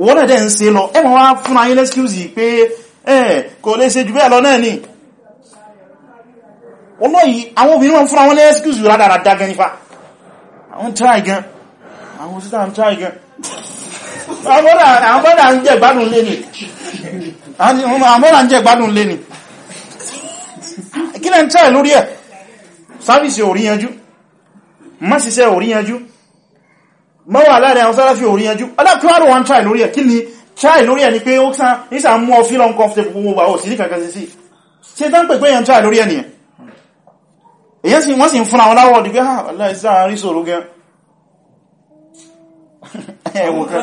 wọ́n dẹ̀ ń ṣe lọ ẹmọ wá fún ayé lẹ́skúsì pé ẹ̀ kò lè ṣe jù bẹ́ẹ̀ lọ náà ni wọ́lá yìí àwọn obìnrin wọn fún àwọn lẹ́skúsì rádaràdá gan nípa àwọn try gan àwọn sísá ń try gan àwọn bọ́dà ń jẹ gbádùn ni àwọn bọ́dà ń jẹ gbádùn ni kí lẹ́ ń try lórí ẹ̀ má ṣiṣẹ́ oríyanjú má wà láàrin àwọn sáláfí oríyanjú alákùnrin wọn try lórí ẹ̀ kí ni try lórí ẹ̀ ni pé ó sán nísà mú ọ feel uncomfortable gbogbo gbà ó sí ní kankan sí sí ṣe tán pè pé èyàn try lórí ẹ̀ nìyàn èyàn sì wọ́n sì ń fún ah, [LAUGHS] àwọn láwọ̀ dìgbé ha aláì sáà rí sòrò gan ẹ̀wọ̀n kan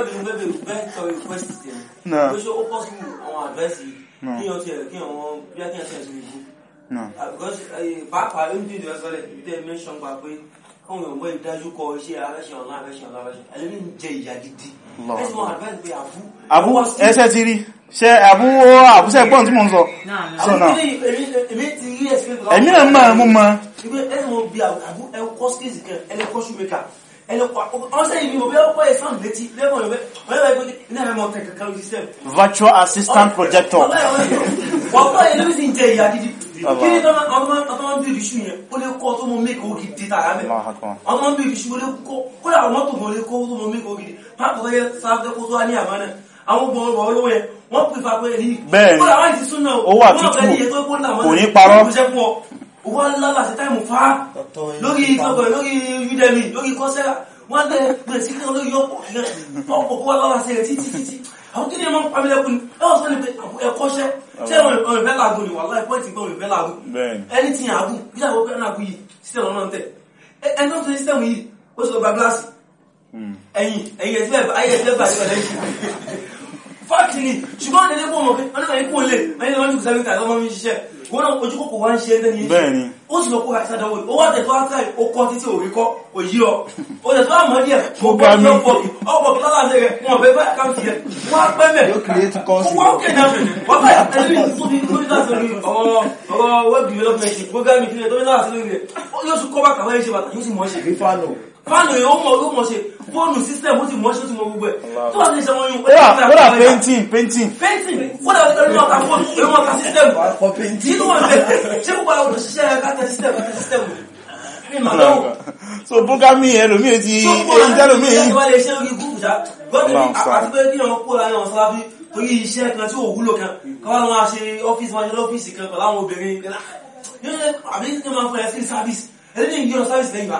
náà ah, eh, náà àwọn ìwé ìdájúkọ iṣẹ́ abẹ́ṣẹ́ ọ̀la abẹ́ṣẹ́ ọ̀la abẹ́ṣẹ́ ẹlẹ́ni ń jẹ ìyà gidi ẹ̀sìn wọn àdúrà pé àbú. àbú ẹsẹ̀ ti rí ṣe àbú àbúṣẹ́ gbọ́n tí mò ń sọ. èmi náà mọ̀ mú mọ́. ẹ̀sìn wọn bí àbú ẹ̀kọ́ skills kan ẹ̀lẹ́kọ́ shoemaker virtual assistant projector wọ́n fún ẹlẹ́mí sì jẹ ìyá gidi kí ni ọmọ ń bí ìdíṣù yẹn ó lè kọ́ tó mọ mẹ́kọ̀ọ́ gidi tàrà mẹ́ ọmọ bí ìdíṣù ó lè kọ́ kódà ọmọ tó mọ lè kọ́ tó mọ mẹ́kọ̀ọ́ gidi pápá bẹ́ẹ̀ sáfẹ́ kó tó wá ní àmọ́ náà àwọn gbọ̀n ọ̀rọ̀ olówó yẹn wọ́n pè fà pé ẹni kódà wọ́n ti súnà ó wà tútù kò ní parọ́ owó ńlá láti àwọn kí ni ẹ máa ń pa mí lẹ́kùn ni ẹ wọ́n sọ́ni pé ẹ̀kọ́ ṣẹ́ ṣé òrìfẹ́ làágùn ni wàhálà ẹ̀kọ́ ìtìgbẹ́ òrìfẹ́ làágùn ẹni tí yàn ágùn bí sàkókò ẹ̀rọ àgùn yìí sísẹ̀mù náà tẹ̀ ẹni tó ń ṣe sísẹ̀mù yìí ó sì lọ gba gíláàsì hmm. ẹ̀yìn ẹ̀yìn ẹ̀sìn bẹ́ẹ̀ ayé ẹ̀sìn bẹ́ẹ̀ bá ṣẹlẹ̀ fáàkì ni ṣùgbọ́n ẹni tó ń mọ̀ pé ọ̀nà wọ́n ojú kòkò wá ń ṣe ẹgbẹ́ ní ẹ̀ṣẹ́ ó sì lọ kó àìsàn àdánwò ó wá tẹ̀tọ́ áká ó kọ́ títí òrí kọ́ òyí ọ ó tẹ̀tọ́ àmọ́ díẹ̀ ó bá mi ọ̀pọ̀ tó lọ́la ṣe rẹ̀ wọn bẹ́ẹ̀ bẹ́ẹ̀ àkáǹtì rẹ̀ wọ́n á pẹ́ mẹ́ wọ́n ó kéde àmì wọ́n bá ẹni tó ní tó ní láti rí ọ̀rọ̀ ọ̀rọ̀ web development programming tó ní láti rí rẹ̀ yóò sì kọ́ bá kàwé ṣe bàtà yóò sì mọ̀ ṣe fáànù yẹn ó mọ ló mọ ṣe fóònù sísẹ̀mù ó sì mọ ṣe ó sì mọ gbogbo ẹ̀ tó wà ní ìṣẹ́ wọn yún. ó rà painting painting. painting wọ́n dàbí tẹ́lẹ̀ mọ́ta fóònù èyí mọ́ta sísẹ̀mù. ọkọ painting. nínú wọn bẹ ṣé gbogbo àwọn òṣìṣẹ́ káta sísẹ̀mù káta sísẹ̀mù. so bóńkà mi yẹn lomi ti èyí tẹ́ lomi yìí. ṣé wàá lè ṣe lórí gúúpù sá gbọ́dọ̀ àti pé kí ọ̀rọ̀ kó láyọ̀ sábà torí iṣẹ́ kan tí ò wúlò kan káwọn máa ṣe ọ́fíìsì máa ṣe lọ́fíìsì kan pẹ̀lú àwọn obìnrin kan àbí kí wọ́n máa fún ẹ sí sábìsì ẹni ní ìyọ̀rọ̀ sábìsì lẹ́yìn bá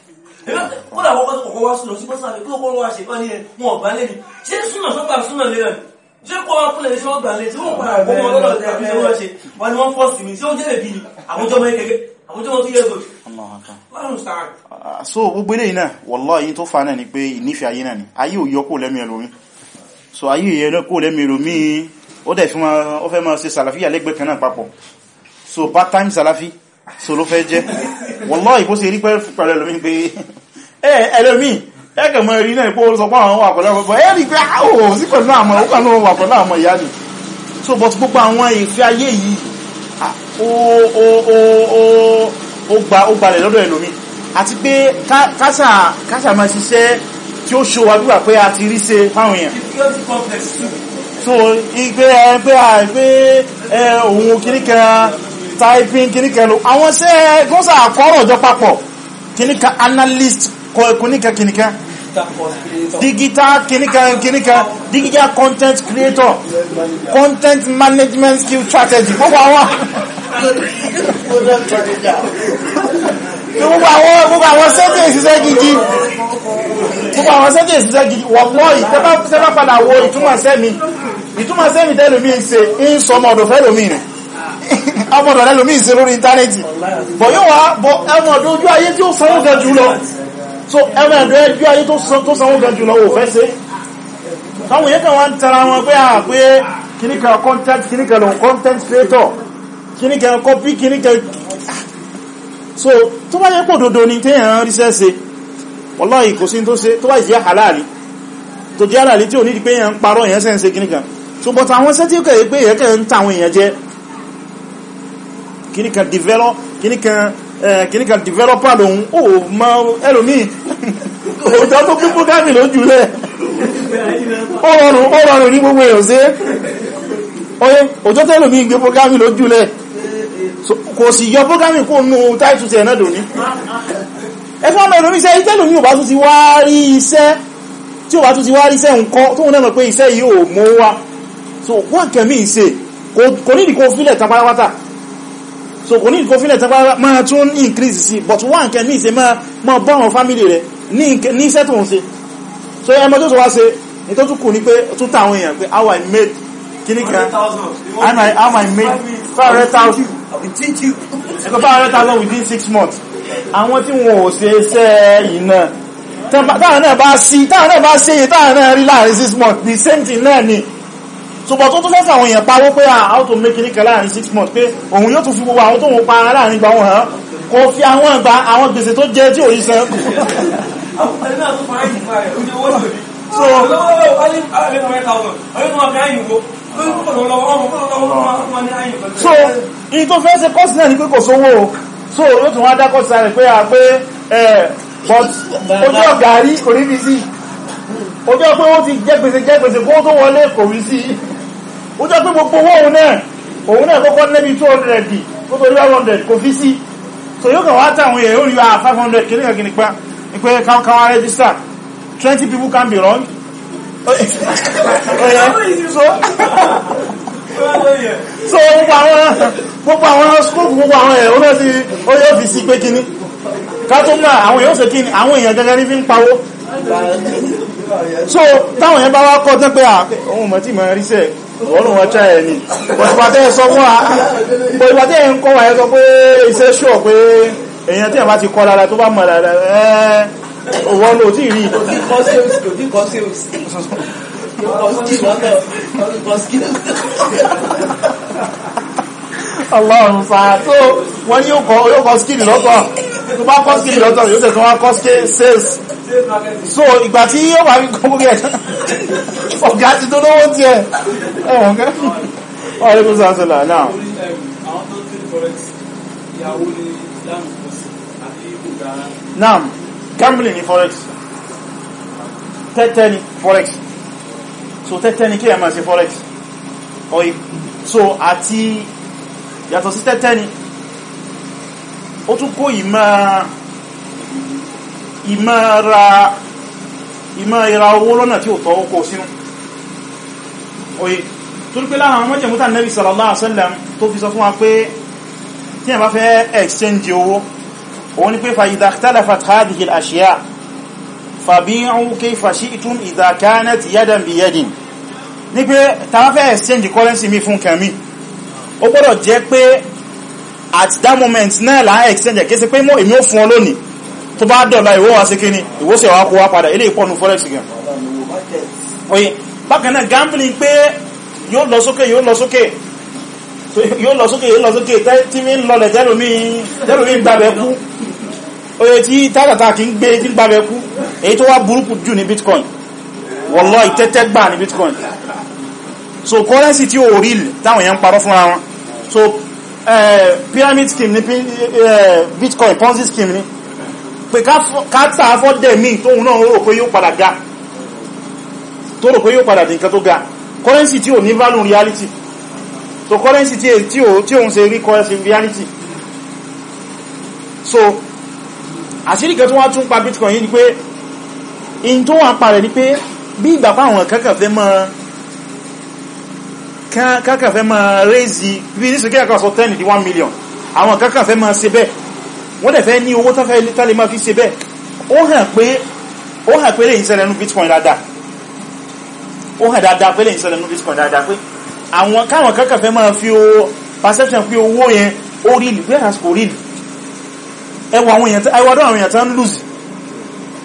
kódà wọ́n kọ́kọ́ wá súnà sí pọ́sán àbí kókó wá ṣe báyìí wọn ọ̀gbà lẹ́nu ṣé súnà sọ́gbà súnà lẹ́nu ṣé kó wá fúnlẹ̀ ṣé wọ́n gbà lẹ́nu tí wọ́n padà gbọ́ wọn lọ́dọ̀ tẹ̀ àbí ṣé wọ́n ṣe wọn ni wọ́n fọ́ sí mi ṣé ó jẹ́rẹ̀ bí ni àwùjọ ọmọ kékeré ah, so gbogbo eléyìí náà wallahi tó fa náà ni pé ìnífẹ̀ẹ́ ayé náà ni ayé ò yọ kó lẹ́mí ẹlòmí so ayé ìyẹn náà kó lẹ́mí ẹlòmí ó dẹ̀ fi wọn ó fẹ́ máa ṣe sàlàfíà lẹ́gbẹ̀ẹ́ kan papọ̀ so part time sàlàfí so ló fẹ́ jẹ́ wallahi ìbó se rí pẹ̀lú ẹlòmí pé ẹlòmí ẹkẹ̀ mọ́ rí náà ipò sọ pọ́n wà pẹ̀lú ọmọ ẹ rí pé àwọ̀ ah, sí pẹ̀lú àmọ́ ó kàn lọ́wọ́ wà pẹ̀lú àmọ́ ìyá ni so but gbogbo àwọn ìfẹ́ ayé yìí ó gbalẹ̀ lọ́dọ̀ ẹlòmí àti pé kásà máa ṣiṣẹ́ tí ó ṣe wàdúrà pé a ti rí ṣe fáwọn èèyàn so ìgbé ẹgbẹ́ àìgbé ohun kìríkan typing kìníkà ló àwọn ṣe gọ́sà àkọ́rọ̀ ọjọ́ papọ̀ kìníkà analyst kìníkà kìníkà digital kìníkà kìníkà digital content creator content management skill strategy gbogbo àwọn gbogbo àwọn gbogbo àwọn sẹ́tẹ̀ ìṣiṣẹ́ gidi gbogbo àwọn sẹ́tẹ̀ ìṣiṣẹ́ gidi wọ́n mọ́ ìtẹ́bá padà wo ìtumọ̀ sẹ́mi ìtumọ̀ sẹ́mi tẹ́lómi ń ṣe ń sọmọ ọ̀dọ̀ fẹ́lómi rẹ̀ [LAUGHS] ọmọdọ̀ lẹ́lòmí ìṣe lórí íńtánẹ́ẹ̀tì bọ̀ yóò wá bọ̀ ẹmọ ọ̀dọ̀ ojú ayé tí ó sanwó gan jù lọ so ẹmọ ọ̀dọ̀ ojú ayé tó sanwó gan jù lọ ò fẹ́ ṣe táwọn èyí kan wá ń tara wọn pé à ah, pé kìníkà content kìníkà lòun content creator kìníkà copy kìníkà so tó bá yẹ pò dodo ni téèyàn rí sẹ́sẹ́ wallahi kò sí tó ṣe tó bá jẹ́ halali tó jẹ́ halali tí ò ní di pé èèyàn ń parọ́ èèyàn sẹ́ ń ṣe kìníkà so but àwọn sẹ́tí ó kẹ̀ pé èèyàn kẹ̀ ń tàwọn èèyàn jẹ́ Kini kan develop Kini kan eh, Kini kan developer lòun ó mọ ẹlòmíì òjò [LAUGHS] tó kí programming lójú lẹ̀ ó rọrùn ó rọrùn ní gbogbo èèyàn sí oye òjò tó ẹlòmíì gbé programming lójú lẹ̀ kò sì yọ programming kó nù na tẹ̀ náà dòní ẹfẹ́ ọmọ ẹlòmíì iṣẹ́ iṣẹ́ lòmíì ò bá tún ti wá rí iṣẹ́ tí ò bá tún ti wá rí iṣẹ́ nǹkan tóun náà mọ̀ pé iṣẹ́ yìí ò mọ́ wá so wọ́n kẹ̀mí ìṣe kò ni kó fílẹ̀ tapárápátá so kò ní ìkó fílẹ̀ tẹ́pá máa tún increase sí but one can ní ìse máa bọ́ àwọn family rẹ̀ ní iṣẹ́ tó ń ṣe so ẹmọ tó tó wá ṣe ní tó tún kù ní pé tún tàwọn èèyàn pé how I made kíní kan and I how I made five hundred thousand ẹgbẹ́ five hundred thousand within six months àwọn tí wọn ò ṣe iṣẹ́ iná táwọn náà bá sí táwọn náà bá sí táwọn náà rí láàrin six months the same thing náà ni so but ó tún fẹ́ fàwọn èèyàn pawó pé ah, how to make ní kẹlá àrin 6 months pé òun yóò tún fi gbogbo àwọn tó wọ́n pa láàrin gba wọn hàn kò fi àwọn ìgbà àwọn gbèsè tó jẹ tí ò yí san so in tó fẹ́ ṣe kọ́sì náà ní pé kò sówó so yóò tún wá dákọ̀ sáré pé à ah, pé ẹ̀ eh, but ojú ọ̀gá rí kò rí bí sí ojú ọ̀pẹ́ ó ti jẹ́ gbèsè jẹ́ gbèsè kó tó wọlé kò rí sí ó jẹ́ pé gbogbo owó òun náà òun náà kọ́kọ́ nẹ́bi 200 dì ó torí 100 kò fi sí so yóò kàn wá táwọn èèyàn ó rí wa ah, 500 kìíní kan kìíní pa ní pé káwọn káwọn register 20 people can be wrong so so gbogbo àwọn gbogbo àwọn skóòpù gbogbo àwọn èèyàn ó náà ti ó yóò fi sí pé kìíní ká tó mú àwọn èèyàn ó ṣe kìíní àwọn èèyàn gẹ́gẹ́ ní fi ń pawó so táwọn èèyàn bá wá kọ́ tán pé à ah, òun mọ̀ tí mọ̀ rí sẹ́ẹ̀ ọ̀rùn wọn chá ẹ̀ ni pọ̀tùpàtẹ́ sọ fún wa pọ̀tùpàtẹ́ ẹ̀ ń kọ́ wa ẹ sọ pé iṣẹ́ ṣùọ̀ pé èèyàn tí ẹ̀ bá ti kọ́ lára tó bá mọ̀ lára ẹ̀ òwò ló tí rí kò tí kọ́ sí òsì kò tí kọ́ sí òsì ọlọ́run fa tó wọ́n ní ó kọ́ skill lọ́tọ̀ tó bá kọ́ skill lọ́tọ̀ yóò tẹ̀sán wá kọ́ sales so ìgbà tí yóò bá kọ́ gbogbo ẹ̀ ọ̀gá ti tó lówó tiẹ̀ ẹ̀wọ̀n kẹ́ ọ̀rẹ́ kò sàn sọ̀lá náà. naam gambling ni forex tẹ́tẹ́ ni forex so tẹ́tẹ́ ni kí ẹ máa ṣe forex ọ̀yí so àti yàtọ̀ sí tẹ́tẹ́ ni ó tún kó ìmọ̀ ìra owó lọ́nà tí ó tọ́ ó kó sínú oye torí pé láwọn mọ́jẹ̀mútà nẹ́bí sallallahu alaihi wasallam tó fi sọ fún wa pé tí ẹ bá fẹ́ exchange owó òun ni pé fa idha ikhtalafat hadhihi al-ashya' fabi'u kayfa shi'tum idha kanat yadan bi yadin ní pé ta ó gbọ́dọ̀ jẹ́ pé at that moment náà là á exchange kí ṣe pé mọ́ èmi ó fún ọ lónìí tó bá dọ̀la ìwọ wa ṣe kí ni ìwọ sì wá kó wá padà ilé ìpọ̀nù forex gan oye bákan náà gambling pé yóò lọ sókè yóò lọ sókè yóò lọ sókè yóò lọ sókè tí mi ń lọlẹ̀ jẹ́lómi jẹ́lómi gbàbẹ̀ kú oye tí tátàtà kì ń gbé tí ń gbàbẹ̀ kú èyí tó wá burúkú jù ní bitcoin wallahi tẹ́tẹ́ gbà ní bitcoin so currency tí ó rí táwọn èèyàn ń parọ́ fúnra wọn so Eh, pyramid scheme ní eh, bitcoin ponzi scheme ní pé ká tà fọ́dẹ̀ míì tóun náà rò pé yóò padà ga tó rò pé yóò padà di nǹkan tó ga currency tí ò ní value reality so currency tí ò tí ò ń ṣe rí currency reality so àṣírí kan tó wá tún pa bitcoin yìí ni pé in tó wà parẹ̀ ni pé bí ìgbà fáwọn kankan fẹ́ máa kákàfẹ́ máa raise bí ní sókè àkàwà sọ 10 di 1 million àwọn kákàfẹ́ máa ṣe bẹ́ẹ̀ wọ́n dẹ̀ fẹ́ ní owó tánfẹ́ tálẹ̀ máa fi ṣe bẹ́ẹ̀ ó hàn pé ó hàn pé lè ń ṣẹlẹ̀ nú bitcoin dáadáa ó hàn dáadáa pé lè ń ṣẹlẹ̀ nú bitcoin dáadáa pé àwọn káwọn kákàfẹ́ máa fi o perception pé owó yẹn ó rí ni whereas kò rí ni ẹwà àwọn èèyàn tán ẹwà àwọn èèyàn tán lùzì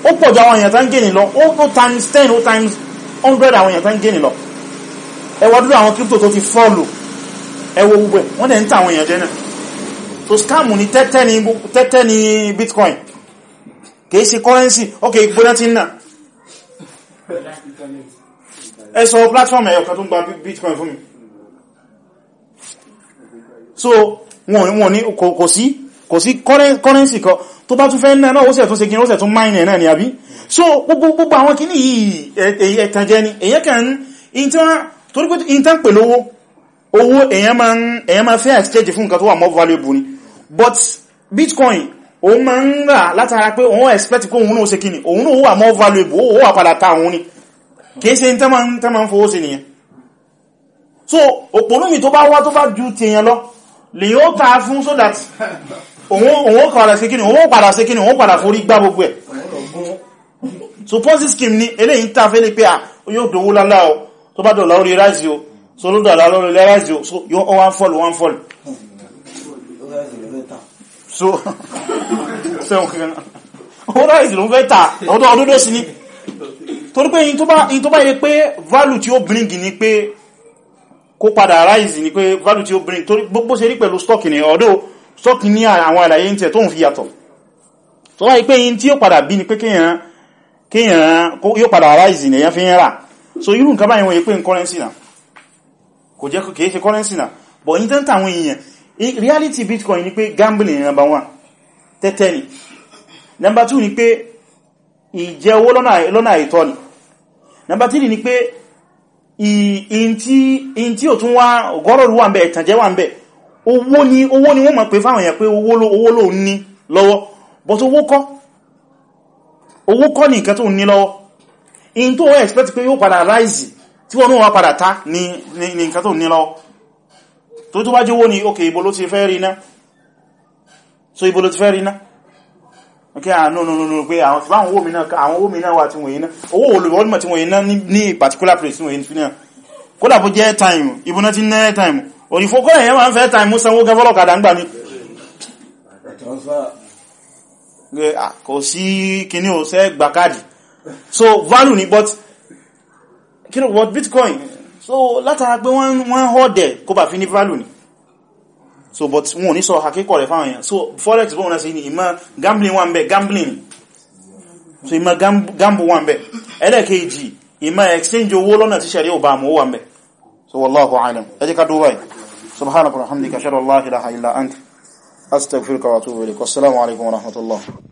ó pọ̀jù àwọn èèyàn tán gẹ̀ẹ́nì lọ ó times 10 ó times 100 àwọn èèyàn tán gẹ̀ẹ́nì lọ ẹwọ́ dúró àwọn crypto tó ti fọ́ọ̀lù ẹwọ́ gbogbo ẹ̀ wọ́n dẹ̀ ń tà àwọn èèyàn jẹ́ so scam ni tẹ́tẹ́ ni bitcoin kìí ṣe currency ok gbóná ti ń nà ẹ sọ platform ẹ̀yọ̀ kan tó gba bitcoin fún mi so wọ́n ní kò sí kò sí currency kan tó bá tún fẹ́ náà náà ó sì ẹ̀tún ṣe kí ó sì ẹ̀tún mine náà ni àbí so gbogbo àwọn kìíní yìí ẹ̀tànjẹ́ ni èyẹ́kẹ̀ẹ́ torí pé in tán pè lówó owó èyàn máa fẹ́ exchange fún nǹkan tó wà more valuable ni but bitcoin òun máa ń rà látara pé òun expect kó òun náà ṣe kíni òun náà wà more valuable ó wà padà ta òun ni kìí ṣe tán máa ń fowó sí nìyẹn so òpònúmì tó bá wá tó bá ju ti èyàn lọ lè yóò ta fún so that òun ó padà ṣe kíni òun ó padà ṣe kíni òun ó padà forí gbá gbogbo ẹ̀ so ponzi scheme ni eléyìí ń ta fẹ́ lè pé à ah, yóò dówó lálá o tó bá dọ̀lá orí ráìsì o so ló dọ̀lá lórí ráìsì o so yóò wọ́n fọ́lù wọ́n fọ́lù so ó [LAUGHS] ráìsì ló ń fẹ́ tà ọdún ọdún ló sí ní torí pé in tó bá yẹ pé value tí ó bring ni pé kó padà ráìsì ni pé value tí ó bring torí gbogbo ṣe rí pẹ̀lú stock ni ọ̀dọ̀ stock ní àwọn àlàyé ń tẹ̀ tó ń fi yàtọ̀ tó wáyé pé in tí ó padà bí ni pé kéèyàn yóò padà ráìsì ni èyàn fi ń rà so irú nǹkan báyìí wọ́n yẹ pé n currency náà kò jẹ́ kìí ṣe currency náà but yí tán tàwọn èèyàn reality bitcoin ni pé gambling number one tẹ́tẹ́ ni number two ni pé ìjẹ owó lọ́nà àìtọ́ ni number three ni pé in tí ò tún wá ọgọ́rọ̀rù wà ń bẹ ìtànjẹ wà ń bẹ owó ni owó ni wọ́n mọ̀ pé fáwọn èèyàn pé owó ló ní lọ́wọ́ but owó kọ́ owó kọ́ ní nǹkan tó ní lọ́wọ́ in tó wọ́n expect pé yóò padà rise tí wọ́n náà padà ta ní nǹkan tó ní lọ tó tó bá jẹ́ owó ni ok ibo ló ti fẹ́ rí ná so ibo ló ti fẹ́ rí ná ok ah no no no no pé àwọn tìbá àwọn owó mi náà àwọn owó mi náà wà tí wọ́n yìí ná owó olùbọ́lùmọ̀ tí wọ́n yìí ná ní particular place tí wọ́n yìí náà kódà bó jẹ́ time ibo náà ti ń ná time òrìfókó ẹ̀yẹ́ máa ń fẹ́ time mú sanwó gẹ́fọ́lọ̀ kàdà ń gbà mí ah, kò sí kìíní ò sẹ́ gbà káàdì so value ni but kí ló what bitcoin so látara pé wọ́n họ́dẹ̀ kó bá fi ní value ni so but wọn ò ní sọ àkíkọ̀ rẹ̀ fáwọn èèyàn so forex bọ́n náà sí ní ìmọ̀ gambling wà ń gambling so ìmọ̀ gambo wà ń bẹ ẹlẹ́kejì ìmọ̀ exchange owó lọ́nà tí ṣẹ̀rí ò bá mọ́ wà so wallahu alam ẹ jẹ́ ká dúró báyìí subhanaka wa hamdika ashhadu